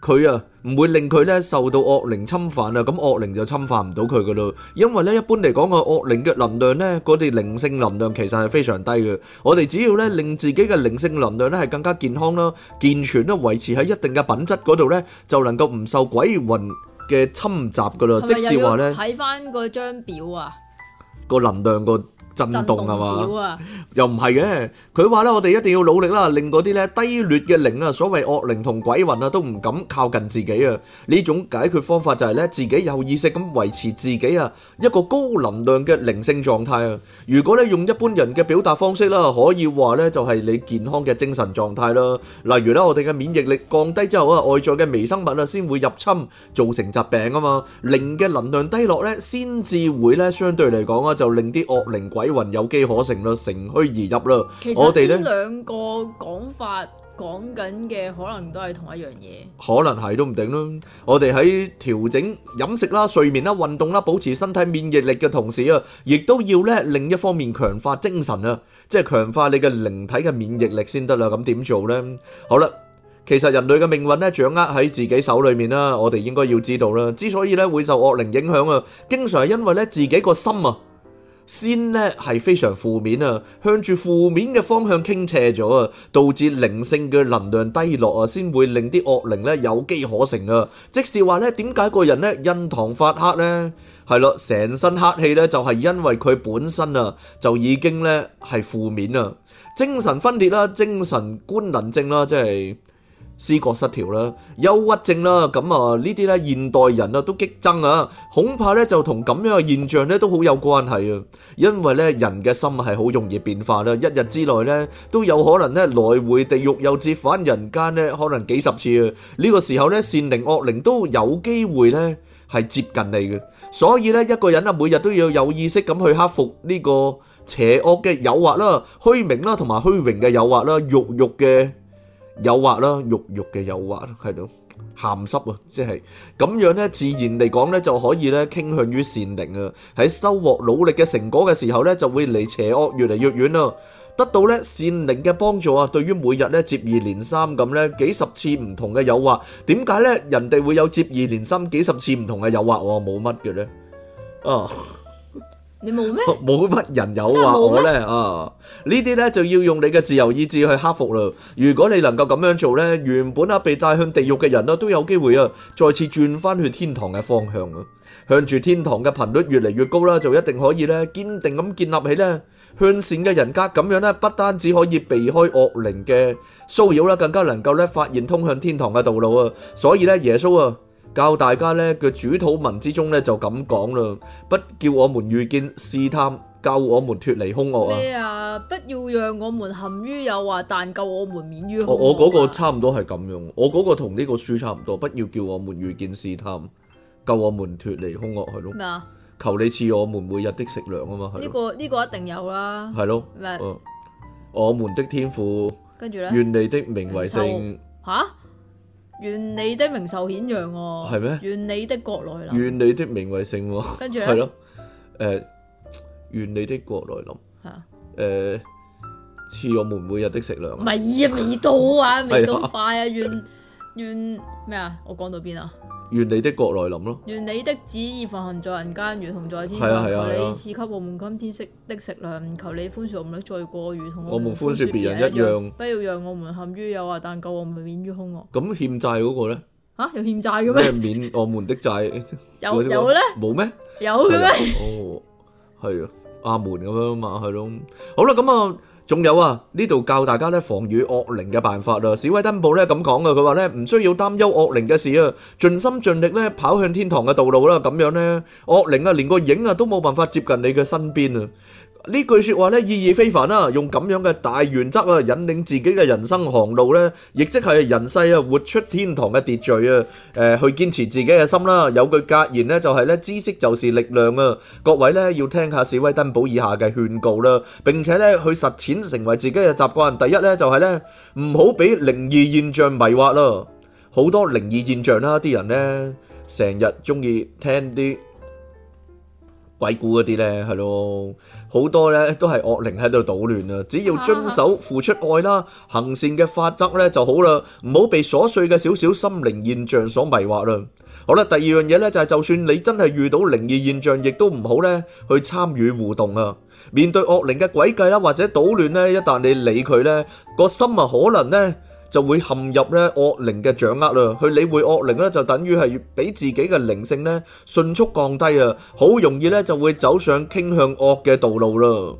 佢啊，唔會令佢咧受到惡靈侵犯啊，咁惡靈就侵犯唔到佢噶咯。因為咧一般嚟講個惡靈嘅能量咧，嗰啲靈性能量其實係非常低嘅。我哋只要咧令自己嘅靈性能量咧係更加健康啦、健全啦、維持喺一定嘅品質嗰度咧，就能夠唔受鬼魂嘅侵襲噶啦。即係話咧，睇翻嗰張表啊。個能量個。震動係嘛？又唔係嘅。佢話咧，我哋一定要努力啦，令嗰啲咧低劣嘅靈啊，所謂惡靈同鬼魂啊，都唔敢靠近自己啊。呢種解決方法就係咧，自己有意識咁維持自己啊一個高能量嘅靈性狀態啊。如果咧用一般人嘅表達方式啦，可以話咧就係你健康嘅精神狀態啦。例如咧，我哋嘅免疫力降低之後啊，外在嘅微生物啊先會入侵造成疾病啊嘛。靈嘅能量低落咧，先至會咧相對嚟講啊，就令啲惡靈鬼云有機可乘啦，乘虛而入啦。其實呢兩個講法講緊嘅可能都係同一樣嘢，可能係都唔定啦。我哋喺調整飲食啦、睡眠啦、運動啦，保持身體免疫力嘅同時啊，亦都要咧另一方面強化精神啊，即係強化你嘅靈體嘅免疫力先得啦。咁點做呢？好啦，其實人類嘅命運咧掌握喺自己手裏面啦。我哋應該要知道啦。之所以咧會受惡靈影響啊，經常係因為咧自己個心啊。先呢係非常負面啊，向住負面嘅方向傾斜咗啊，導致靈性嘅能量低落啊，先會令啲惡靈呢有機可乘啊。即是話呢，點解個人呢印堂發黑呢？係咯，成身黑氣呢，就係、是、因為佢本身啊，就已經呢係負面啊，精神分裂啦、啊，精神官能症啦、啊，即係。思覺失調啦、憂鬱症啦，咁啊呢啲咧，現代人啊都激增啊，恐怕咧，就同咁樣嘅現象咧都好有關係啊。因為咧人嘅心係好容易變化啦，一日之內咧都有可能咧來回地獄又折返人間咧，可能幾十次啊。呢個時候咧，善靈惡靈都有機會咧，係接近你嘅。所以咧一個人啊每日都要有意識咁去克服呢個邪惡嘅誘惑啦、虛名啦同埋虛榮嘅誘惑啦、欲欲嘅誘惑啦，肉肉嘅誘惑，係度鹹濕啊，即係咁樣咧，自然嚟講咧，就可以咧傾向於善靈啊。喺收穫努力嘅成果嘅時候咧，就會離邪惡越嚟越遠啦。得到咧善靈嘅幫助啊，對於每日咧接二連三咁咧幾十次唔同嘅誘惑，點解咧人哋會有接二連三幾十次唔同嘅誘惑喎？冇乜嘅咧啊！你冇咩？冇乜人有話我咧啊！呢啲咧就要用你嘅自由意志去克服喇。如果你能夠咁樣做咧，原本啊被帶向地獄嘅人啊都有機會啊再次轉翻去天堂嘅方向啊！向住天堂嘅頻率越嚟越高啦，就一定可以咧堅定咁建立起咧向善嘅人格。咁樣咧不單止可以避開惡靈嘅騷擾啦，更加能夠咧發現通向天堂嘅道路啊！所以咧耶穌啊～教大家咧嘅主禱文之中咧就咁講啦，不叫我們遇見試探，救我們脫離凶惡啊！咩啊？不要讓我們陷於誘惑，但救我們免於凶惡。我我嗰個差唔多係咁樣，我嗰個同呢個書差唔多，不要叫我們遇見試探，救我們脫離凶惡係咯。咩啊？求你賜我們每日的食糧啊嘛，係。呢個呢個一定有啦。係咯。咩？嗯。我們的天父。跟住咧。願你的名為聖。吓？願你的名受顯揚，係咩嗎？願你的國來臨，願你的名為聖，跟住咧，係咯，誒、呃，願你的國來臨，係誒哈、呃，似我們每日的食糧，唔係啊，未到啊，未咁快啊，願願咩啊？我講到邊啊？願你的國來臨咯，願你的旨意奉行在人間，如同在天上。求你賜給我們今天吃的食糧，求你寬恕我們的罪過，如同我們寬恕別人一樣。不要讓我們陷於有啊，但救我們免於兇惡。咁欠債嗰個咧？吓，有欠債嘅咩？免我們的債有有咧？冇咩？有嘅咩？哦，係啊，阿門咁樣嘛，係咯。好啦，咁啊。仲有啊，呢度教大家呢防禦惡靈嘅辦法啊。史威登堡呢咁講啊，佢話呢唔需要擔憂惡靈嘅事啊，盡心盡力呢跑向天堂嘅道路啦，咁樣呢，惡靈啊，連個影啊都冇辦法接近你嘅身邊啊。呢句說話咧意義非凡啦，用咁樣嘅大原則啊，引領自己嘅人生航路咧，亦即係人世啊活出天堂嘅秩序啊，誒去堅持自己嘅心啦。有句格言咧就係咧，知識就是力量啊！各位咧要聽下史威登堡以下嘅勸告啦，並且咧去實踐成為自己嘅習慣。第一咧就係咧，唔好俾靈異現象迷惑咯。好多靈異現象啦，啲人咧成日中意聽啲鬼故嗰啲咧，係咯。好多咧都係惡靈喺度搗亂啦，只要遵守付出愛啦、行善嘅法則咧就好啦，唔好被瑣碎嘅少少心靈現象所迷惑啦。好啦，第二樣嘢咧就係，就算你真係遇到靈異現象，亦都唔好咧去參與互動啊。面對惡靈嘅詭計啦，或者搗亂咧，一旦你理佢咧，個心啊可能咧。就會陷入咧惡靈嘅掌握啦，去理會惡靈咧就等於係俾自己嘅靈性咧迅速降低啊，好容易咧就會走上傾向惡嘅道路啦。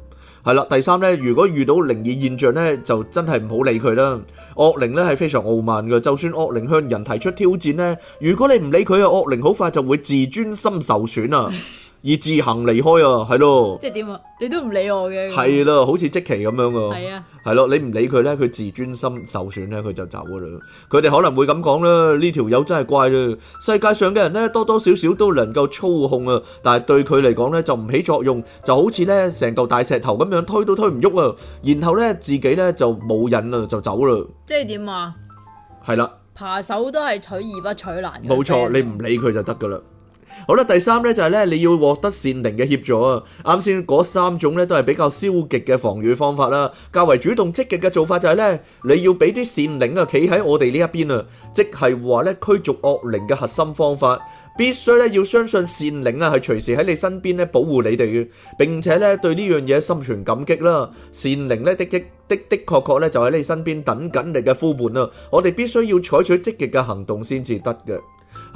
係啦，第三咧，如果遇到靈異現象咧，就真係唔好理佢啦。惡靈咧係非常傲慢嘅，就算惡靈向人提出挑戰咧，如果你唔理佢啊，惡靈好快就會自尊心受損啊。 而自行離開啊，係咯，即係點啊？你都唔理我嘅，係咯，好似即奇咁樣噶，係啊，係咯，你唔理佢咧，佢自尊心受損咧，佢就走噶啦。佢哋可能會咁講啦，呢條友真係怪啦。世界上嘅人咧，多多少少都能夠操控啊，但係對佢嚟講咧就唔起作用，就好似咧成嚿大石頭咁樣推都推唔喐啊。然後咧自己咧就冇癮啦，就走啦。即係點啊？係啦，扒手都係取易不取難，冇錯，你唔理佢就得噶啦。好啦，第三咧就係咧你要獲得善靈嘅協助啊！啱先嗰三種咧都係比較消極嘅防禦方法啦，較為主動積極嘅做法就係咧你要俾啲善靈啊企喺我哋呢一邊啊，即係話咧驅逐惡靈嘅核心方法，必須咧要相信善靈啊係隨時喺你身邊咧保護你哋嘅，並且咧對呢樣嘢心存感激啦。善靈咧的的的的確確咧就喺你身邊等緊你嘅呼喚啦，我哋必須要採取積極嘅行動先至得嘅。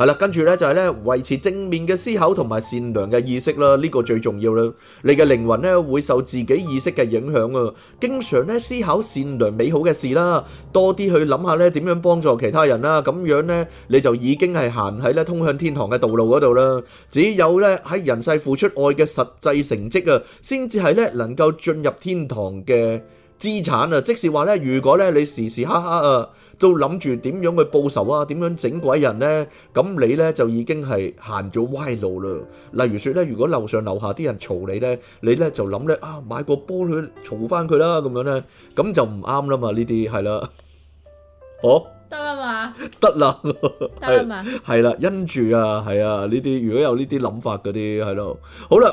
係啦，跟住咧就係咧維持正面嘅思考同埋善良嘅意識啦，呢個最重要啦。你嘅靈魂咧會受自己意識嘅影響啊。經常咧思考善良美好嘅事啦，多啲去諗下咧點樣幫助其他人啦，咁樣咧你就已經係行喺咧通向天堂嘅道路嗰度啦。只有咧喺人世付出愛嘅實際成績啊，先至係咧能夠進入天堂嘅。資產啊，即是話咧，如果咧你時時刻刻啊都諗住點樣去報仇啊，點樣整鬼人咧，咁你咧就已經係行咗歪路啦。例如説咧，如果樓上樓下啲人嘈你咧，你咧就諗咧啊買個波去嘈返佢啦咁樣咧，咁就唔啱啦嘛。呢啲係啦，哦得啊嘛，得啦，得啊嘛，係啦，因住啊係啊呢啲，如果有呢啲諗法嗰啲係咯，好啦。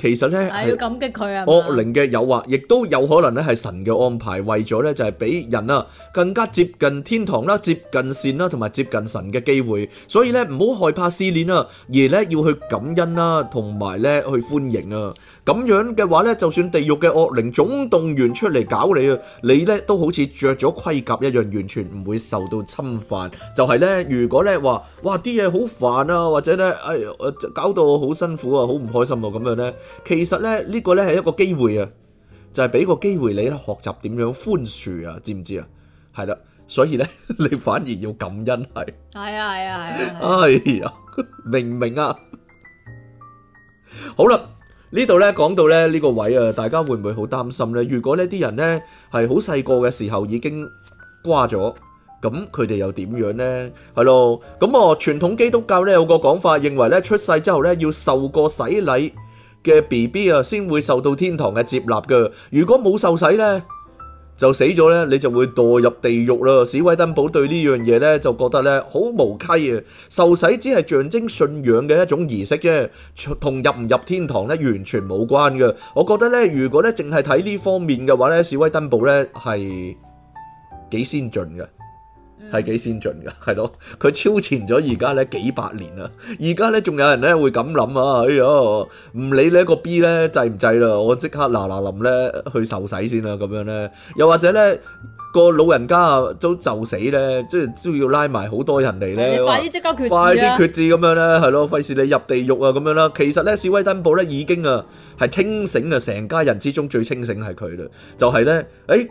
其實咧係要感激佢啊。惡靈嘅誘惑，亦都有可能咧係神嘅安排，為咗咧就係俾人啊更加接近天堂啦、接近善啦、同埋接近神嘅機會。所以咧唔好害怕試煉啊，而咧要去感恩啦，同埋咧去歡迎啊。咁樣嘅話咧，就算地獄嘅惡靈總動員出嚟搞你啊，你咧都好似著咗盔甲一樣，完全唔會受到侵犯。就係咧，如果咧話哇啲嘢好煩啊，或者咧哎呀誒搞到我好辛苦啊，好唔開心啊咁樣咧。其實咧呢個咧係一個機會啊，就係俾個機會你咧學習點樣寬恕啊，知唔知啊？係啦，所以咧你反而要感恩係係啊係啊係啊，哎呀明唔明啊？好啦，呢度咧講到咧呢個位啊，大家會唔會好擔心咧？如果咧啲人咧係好細個嘅時候已經瓜咗，咁佢哋又點樣咧？係咯咁啊？傳統基督教咧有個講法，認為咧出世之後咧要受過洗禮。嘅 B B 啊，先會受到天堂嘅接納嘅。如果冇受洗呢，就死咗呢，你就會墮入地獄啦。史威登堡對呢樣嘢呢，就覺得呢好無稽啊！受洗只係象徵信仰嘅一種儀式啫，同入唔入天堂呢完全冇關嘅。我覺得呢，如果呢淨係睇呢方面嘅話呢，史威登堡呢係幾先進嘅。係幾先進嘅，係咯？佢超前咗而家咧幾百年啊！而家咧仲有人咧會咁諗啊？哎唷，唔理呢個 B 咧制唔制啦，我即刻嗱嗱臨咧去受洗先啦、啊，咁樣咧，又或者咧個老人家都、啊、就，就死咧，即係都要拉埋好多人嚟咧，快啲即刻決志啊！快啲決志咁樣咧，係咯，費事你入地獄啊咁樣啦。其實咧，史威登堡咧已經啊係清醒啊，成家人之中最清醒係佢啦，就係、是、咧，誒、欸。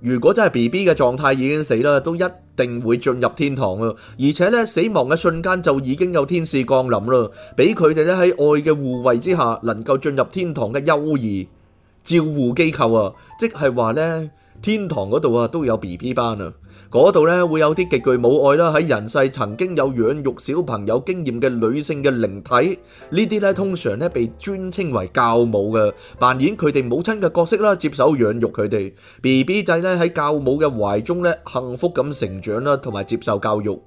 如果真係 B B 嘅狀態已經死啦，都一定會進入天堂啊！而且咧死亡嘅瞬間就已經有天使降臨啦，俾佢哋咧喺愛嘅護衛之下，能夠進入天堂嘅幼兒照護機構啊，即係話咧天堂嗰度啊都有 B B 班啊。嗰度咧會有啲極具母愛啦，喺人世曾經有養育小朋友經驗嘅女性嘅靈體，呢啲咧通常咧被尊稱為教母嘅，扮演佢哋母親嘅角色啦，接手養育佢哋 BB 仔咧喺教母嘅懷中咧幸福咁成長啦，同埋接受教育。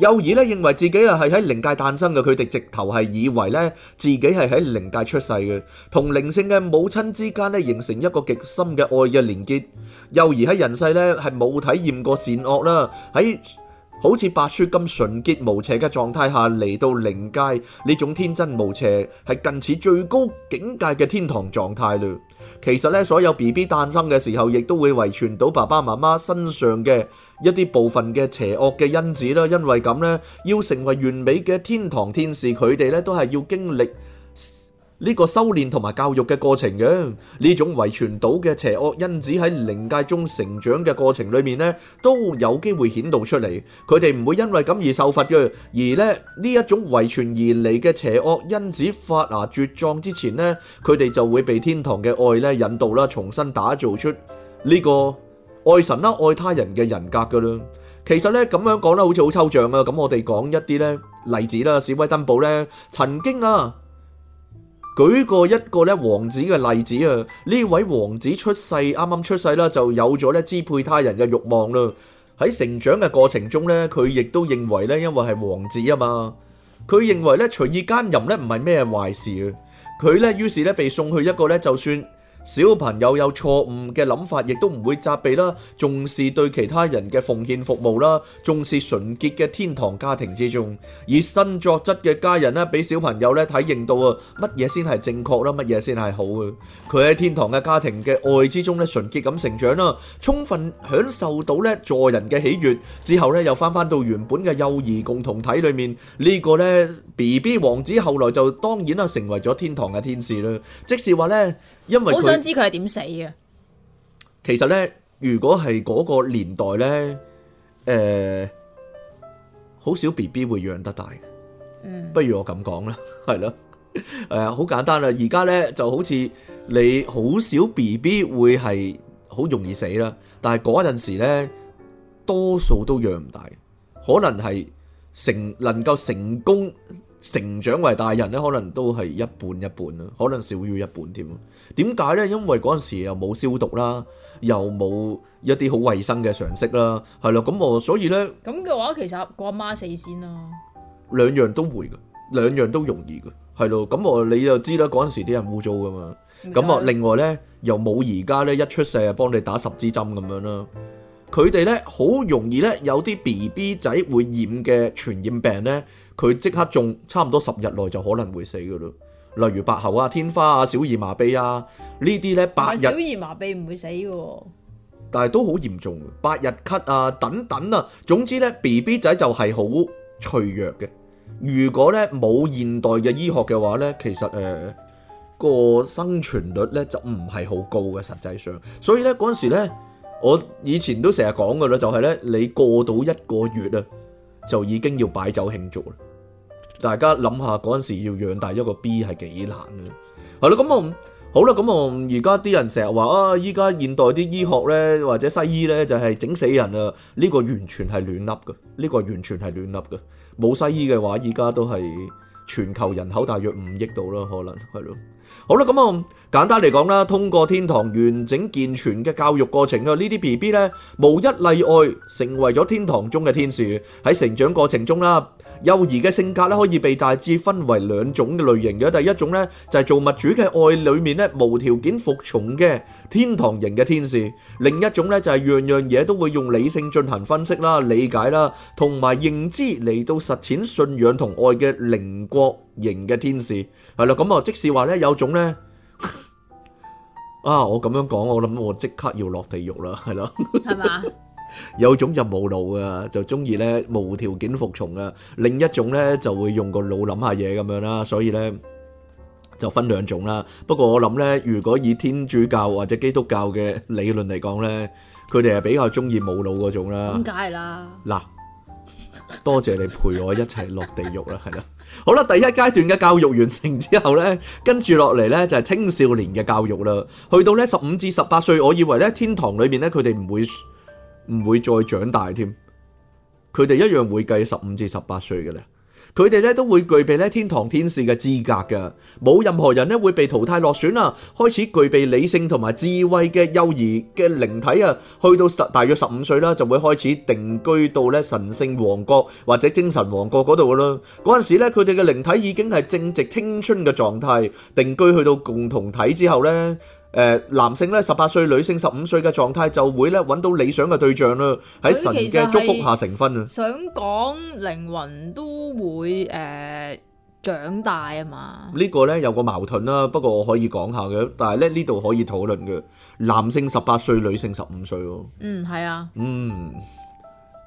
幼兒咧認為自己啊係喺靈界誕生嘅，佢哋直頭係以為咧自己係喺靈界出世嘅，同靈性嘅母親之間咧形成一個極深嘅愛嘅連結。幼兒喺人世咧係冇體驗過善惡啦，喺好似白雪咁純潔無邪嘅狀態下嚟到靈界，呢種天真無邪，係近似最高境界嘅天堂狀態啦。其實咧，所有 BB 誕生嘅時候，亦都會遺傳到爸爸媽媽身上嘅一啲部分嘅邪惡嘅因子啦。因為咁呢，要成為完美嘅天堂天使，佢哋咧都係要經歷。呢個修煉同埋教育嘅過程嘅，呢種遺傳到嘅邪惡因子喺靈界中成長嘅過程裏面呢，都有機會顯露出嚟。佢哋唔會因為咁而受罰嘅。而咧呢一種遺傳而嚟嘅邪惡因子發芽茁壯之前呢，佢哋就會被天堂嘅愛呢引導啦，重新打造出呢個愛神啦、愛他人嘅人格噶啦。其實呢，咁樣講咧，好似好抽象啊。咁我哋講一啲呢例子啦。史威登堡呢曾經啊。舉過一個咧，王子嘅例子啊，呢位王子出世，啱啱出世啦，就有咗咧支配他人嘅慾望啦。喺成長嘅過程中咧，佢亦都認為咧，因為係王子啊嘛，佢認為咧隨意奸淫咧唔係咩壞事啊。佢咧於是咧被送去一個咧就算。小朋友有錯誤嘅諗法，亦都唔會責備啦。重視對其他人嘅奉獻服務啦，重視純潔嘅天堂家庭之中，以身作則嘅家人呢，俾小朋友咧體認到啊，乜嘢先係正確啦，乜嘢先係好啊。佢喺天堂嘅家庭嘅愛之中咧，純潔咁成長啦，充分享受到咧助人嘅喜悅，之後咧又翻翻到原本嘅幼兒共同體裏面。這個、呢個咧，BB 王子後來就當然啦，成為咗天堂嘅天使啦。即是話咧。因為好想知佢係點死嘅。其實咧，如果係嗰個年代咧，誒、呃，好少 B B 會養得大。嗯，不如我咁講啦，係 囉，誒、呃，好簡單啦。而家咧就好似你好少 B B 會係好容易死啦，但係嗰陣時咧，多數都養唔大，可能係成能夠成功。成長為大人咧，可能都係一半一半咯，可能少於一半添。點解呢？因為嗰陣時又冇消毒啦，又冇一啲好衞生嘅常識啦，係咯。咁我所以呢，咁嘅話其實個阿媽死先啦，兩樣都會嘅，兩樣都容易嘅，係咯。咁我你就知啦，嗰陣時啲人污糟噶嘛。咁啊謝謝，另外呢，又冇而家呢，一出世啊幫你打十支針咁樣啦。佢哋咧，好容易咧，有啲 B B 仔會染嘅傳染病咧，佢即刻中差唔多十日內就可能會死噶喇。例如白喉啊、天花啊、小兒麻痹啊呢啲咧，八日小兒麻痹唔會死嘅，哦，但係都好嚴重，百日咳啊等等啊。總之咧，B B 仔就係好脆弱嘅。如果咧冇現代嘅醫學嘅話咧，其實誒、呃那個生存率咧就唔係好高嘅。實際上，所以咧嗰陣時咧。我以前都成日講噶啦，就係咧，你過到一個月啊，就已經要擺酒慶祝啦。大家諗下嗰陣時要養大一個 B 係幾難啊？係咯，咁我好啦，咁我而家啲人成日話啊，依家現代啲醫學咧或者西醫咧就係整死人啊！呢個完全係亂笠噶，呢個完全係亂笠噶。冇西醫嘅話，依家都係全球人口大約五億度啦，可能係咯。好啦，咁我。簡單嚟講啦，通過天堂完整健全嘅教育過程，呢啲 B B 咧無一例外成為咗天堂中嘅天使。喺成長過程中啦，幼兒嘅性格咧可以被大致分為兩種嘅類型嘅。第一種咧就係做物主嘅愛裏面咧無條件服從嘅天堂型嘅天使，另一種咧就係樣樣嘢都會用理性進行分析啦、理解啦，同埋認知嚟到實踐信仰同愛嘅靈國型嘅天使係啦。咁啊，即使話咧有種咧。啊！我咁樣講，我諗我即刻要落地獄啦，係咯？係嘛？有種就冇腦噶，就中意咧無條件服從噶。另一種咧就會用個腦諗下嘢咁樣啦。所以咧就分兩種啦。不過我諗咧，如果以天主教或者基督教嘅理論嚟講咧，佢哋係比較中意冇腦嗰種啦。點解，係啦。嗱，多謝你陪我一齊落地獄啦，係咯。好啦，第一階段嘅教育完成之後呢，跟住落嚟呢，就係青少年嘅教育啦。去到呢十五至十八歲，我以為呢天堂裏面呢，佢哋唔會唔會再長大添，佢哋一樣會計十五至十八歲嘅咧。佢哋咧都會具備咧天堂天使嘅資格㗎，冇任何人咧會被淘汰落選啊！開始具備理性同埋智慧嘅幼兒嘅靈體啊，去到十大約十五歲啦，就會開始定居到咧神聖王國或者精神王國嗰度㗎喇。嗰陣時咧，佢哋嘅靈體已經係正值青春嘅狀態，定居去到共同體之後咧。誒，男性咧十八歲，女性十五歲嘅狀態就會咧揾到理想嘅對象啦，喺神嘅祝福下成婚啊！想講靈魂都會誒、呃、長大啊嘛？呢個咧有個矛盾啦，不過我可以講下嘅，但係咧呢度可以討論嘅，男性十八歲，女性十五歲咯。嗯，係啊。嗯，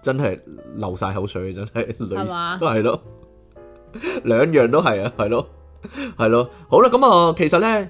真係流晒口水，真係女都係咯，兩吧 樣都係啊，係咯、啊，係咯、啊。好啦，咁啊，其實咧。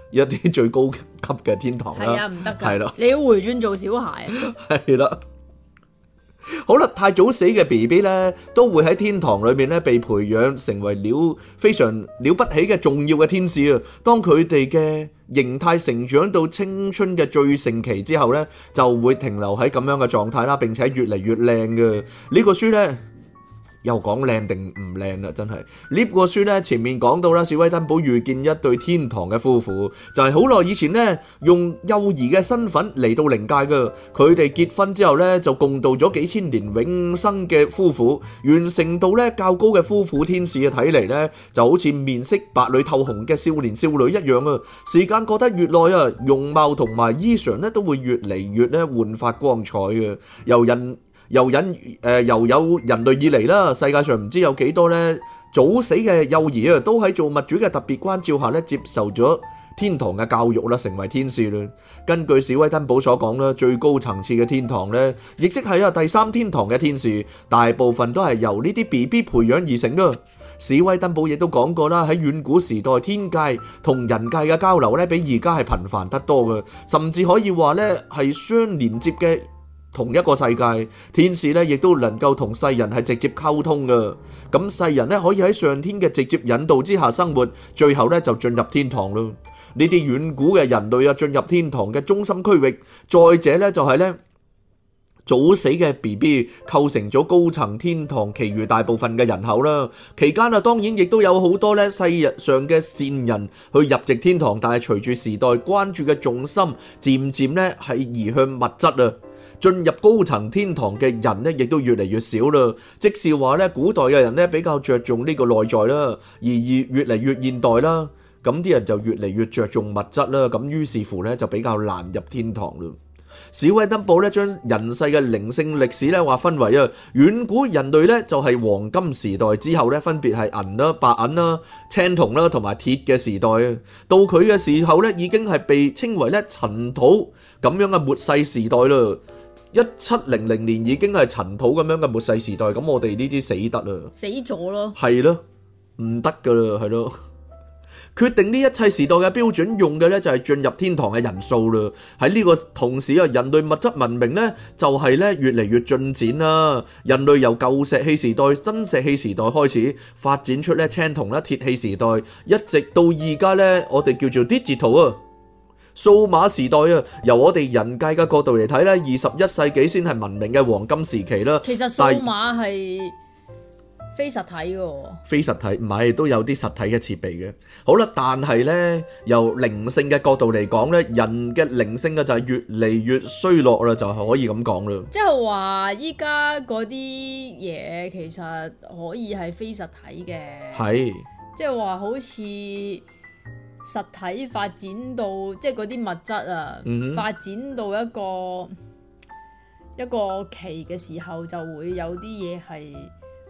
一啲最高級嘅天堂啦，係啦，唔得㗎，你要回轉做小孩啊，係啦是的， 好啦，太早死嘅 BB 咧，都會喺天堂裏面咧被培養成為了非常了不起嘅重要嘅天使啊！當佢哋嘅形態成長到青春嘅最盛期之後咧，就會停留喺咁樣嘅狀態啦，並且越嚟越靚嘅呢個書咧。又講靚定唔靚啦，真係。呢個書呢，前面講到啦，史威登堡遇見一對天堂嘅夫婦，就係好耐以前呢，用幼兒嘅身份嚟到靈界噶。佢哋結婚之後呢，就共度咗幾千年永生嘅夫婦。完成度呢較高嘅夫婦天使嘅睇嚟呢，就好似面色白裏透紅嘅少年少女一樣啊。時間過得越耐啊，容貌同埋衣裳呢，都會越嚟越呢煥發光彩嘅，由人。又引誒，又有人類以嚟啦，世界上唔知有幾多咧，早死嘅幼兒啊，都喺做物主嘅特別關照下咧，接受咗天堂嘅教育啦，成為天使啦。根據史威登堡所講咧，最高層次嘅天堂咧，亦即係啊第三天堂嘅天使，大部分都係由呢啲 B B 培養而成啦。史威登堡亦都講過啦，喺遠古時代天界同人界嘅交流咧，比而家係頻繁得多嘅，甚至可以話咧係相連接嘅。同一個世界，天使咧亦都能夠同世人係直接溝通嘅。咁世人咧可以喺上天嘅直接引導之下生活，最後咧就進入天堂咯。呢啲遠古嘅人類啊，進入天堂嘅中心區域。再者咧就係咧早死嘅 BB 構成咗高層天堂，其餘大部分嘅人口啦。期間啊，當然亦都有好多咧世日上嘅善人去入籍天堂，但係隨住時代關注嘅重心漸漸咧係移向物質啊。進入高層天堂嘅人呢，亦都越嚟越少啦。即是話呢，古代嘅人呢，比較着重呢個內在啦，而而越嚟越，越現代啦，咁啲人就越嚟越着重物質啦，咁於是乎呢，就比較難入天堂咯。史威登堡呢，將人世嘅靈性歷史呢，劃分為啊，遠古人類呢，就係黃金時代之後呢，分別係銀啦、白銀啦、青銅啦同埋鐵嘅時代。到佢嘅時候呢，已經係被稱為咧塵土咁樣嘅末世時代啦。一七零零年已經係塵土咁樣嘅末世時代，咁我哋呢啲死得啦，死咗咯，係咯，唔得噶啦，係咯。 決定呢一切時代嘅標準，用嘅呢，就係進入天堂嘅人數啦。喺呢個同時啊，人類物質文明呢，就係呢越嚟越進展啦。人類由舊石器時代、新石器時代開始發展出呢青銅啦、鐵器時代，一直到而家呢，我哋叫做 digital 啊。數碼時代啊，由我哋人界嘅角度嚟睇呢，二十一世紀先係文明嘅黃金時期啦。其實數碼係非實體嘅，非實體唔係都有啲實體嘅設備嘅。好啦，但係呢，由靈性嘅角度嚟講呢，人嘅靈性嘅就係越嚟越衰落啦，就可以咁講啦。即係話依家嗰啲嘢其實可以係非實體嘅，係即係話好似。實體發展到即係嗰啲物質啊，嗯、哼發展到一個一個期嘅時候，就會有啲嘢係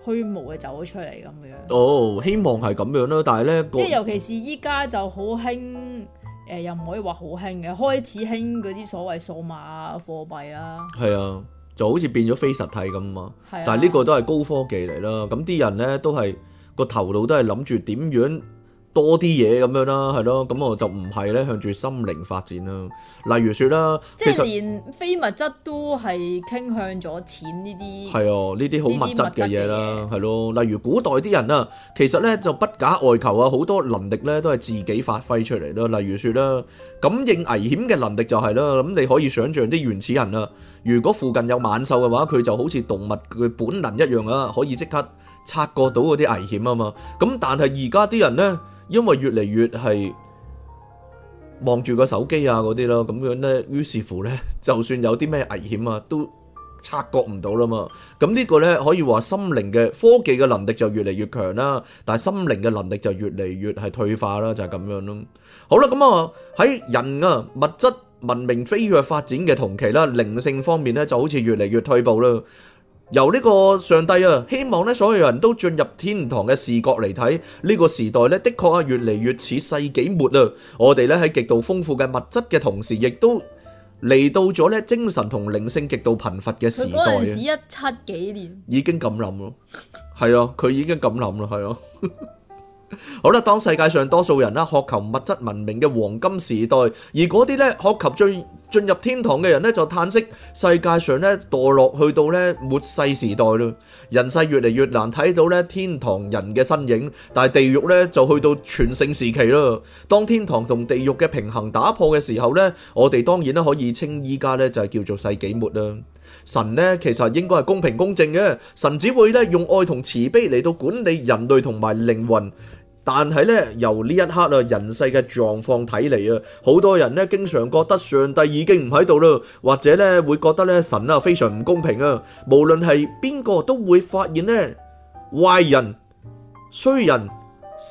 虛無嘅走咗出嚟咁樣。哦，希望係咁樣咯，但係咧，即係尤其是依家就好興誒，又唔可以話好興嘅，開始興嗰啲所謂數碼貨幣啦。係啊，就好似變咗非實體咁嘛。係、啊，但係呢個都係高科技嚟啦。咁啲人咧都係個頭腦都係諗住點樣。多啲嘢咁樣啦，係咯，咁我就唔係咧，向住心靈發展啦。例如説啦，即係連非物質都係傾向咗錢呢啲，係哦，呢啲好物質嘅嘢啦，係咯。例如古代啲人啊，其實咧就不假外求啊，好多能力咧都係自己發揮出嚟啦。嗯、例如説啦，感應危險嘅能力就係、是、啦，咁你可以想象啲原始人啊，如果附近有猛獸嘅話，佢就好似動物佢本能一樣啊，可以即刻察覺到嗰啲危險啊嘛。咁但係而家啲人咧。因為越嚟越係望住個手機啊嗰啲咯，咁樣呢，於是乎呢，就算有啲咩危險啊，都察覺唔到啦嘛。咁呢個呢，可以話心靈嘅科技嘅能力就越嚟越強啦、啊，但係心靈嘅能力就越嚟越係退化啦、啊，就係、是、咁樣咯、啊。好啦，咁啊喺人啊物質文明飛躍發展嘅同期啦，靈性方面呢，就好似越嚟越退步啦。由呢個上帝啊，希望咧所有人都進入天堂嘅視角嚟睇呢個時代咧，的確係，越嚟越似世紀末啊！我哋咧喺極度豐富嘅物質嘅同時，亦都嚟到咗咧精神同靈性極度貧乏嘅時代。佢嗰陣時一七幾年已經咁諗咯，係 啊，佢已經咁諗啦，係啊。 好啦，當世界上多數人啦渴求物質文明嘅黃金時代，而嗰啲咧渴求最進入天堂嘅人咧就嘆息，世界上咧墮落去到咧末世時代咯，人世越嚟越難睇到咧天堂人嘅身影，但係地獄咧就去到全盛時期咯。當天堂同地獄嘅平衡打破嘅時候咧，我哋當然咧可以稱依家咧就係叫做世紀末啦。神咧其實應該係公平公正嘅，神只會咧用愛同慈悲嚟到管理人類同埋靈魂。但係咧，由呢一刻啊，人世嘅狀況睇嚟啊，好多人咧經常覺得上帝已經唔喺度咯，或者咧會覺得咧神啊非常唔公平啊。無論係邊個都會發現咧，壞人、衰人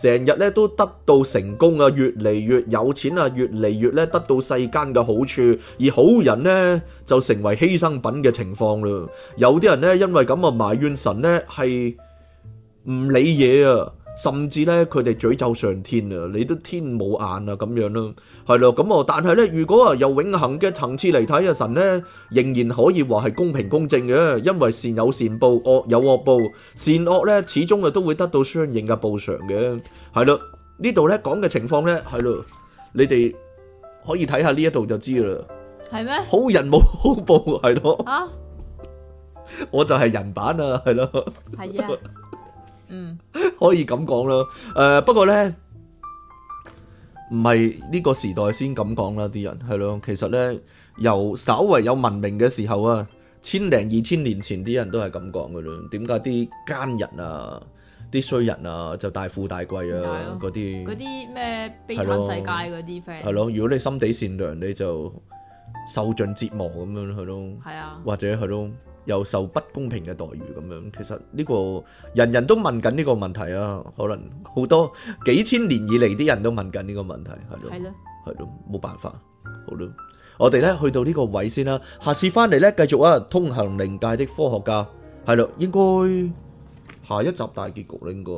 成日咧都得到成功啊，越嚟越有錢啊，越嚟越咧得到世間嘅好處，而好人呢就成為犧牲品嘅情況咯。有啲人咧因為咁啊埋怨神咧係唔理嘢啊。甚至咧，佢哋詛咒上天啊！你都天冇眼啊，咁樣咯，係咯。咁哦，但係咧，如果啊，由永恆嘅層次嚟睇啊，神咧仍然可以話係公平公正嘅，因為善有善報，惡有惡報，善惡咧始終啊都會得到相應嘅報償嘅。係咯，呢度咧講嘅情況咧，係咯，你哋可以睇下呢一度就知啦。係咩？好人冇好報，係咯。啊，我就係人版啊，係咯。係啊。嗯，可以咁講咯。誒，不過咧，唔係呢個時代先咁講啦。啲人係咯，其實咧由稍為有文明嘅時候啊，千零二千年前啲人都係咁講噶啦。點解啲奸人啊、啲衰人啊就大富大貴啊？嗰啲嗰啲咩悲慘世界嗰啲 friend 係咯。如果你心地善良，你就受盡折磨咁樣，或者係咁。又受不公平嘅待遇咁樣，其實呢個人人都問緊呢個問題啊，可能好多幾千年以嚟啲人都問緊呢個問題，係咯，係咯，係咯，冇辦法，好咯，我哋咧去到呢個位先啦，下次翻嚟咧繼續啊，通行靈界的科學家，係咯，應該下一集大結局啦，應該，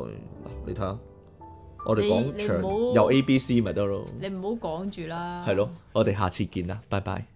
你睇下，我哋講長有 A B C 咪得咯，你唔好講住啦，係咯，我哋下次見啦，拜拜。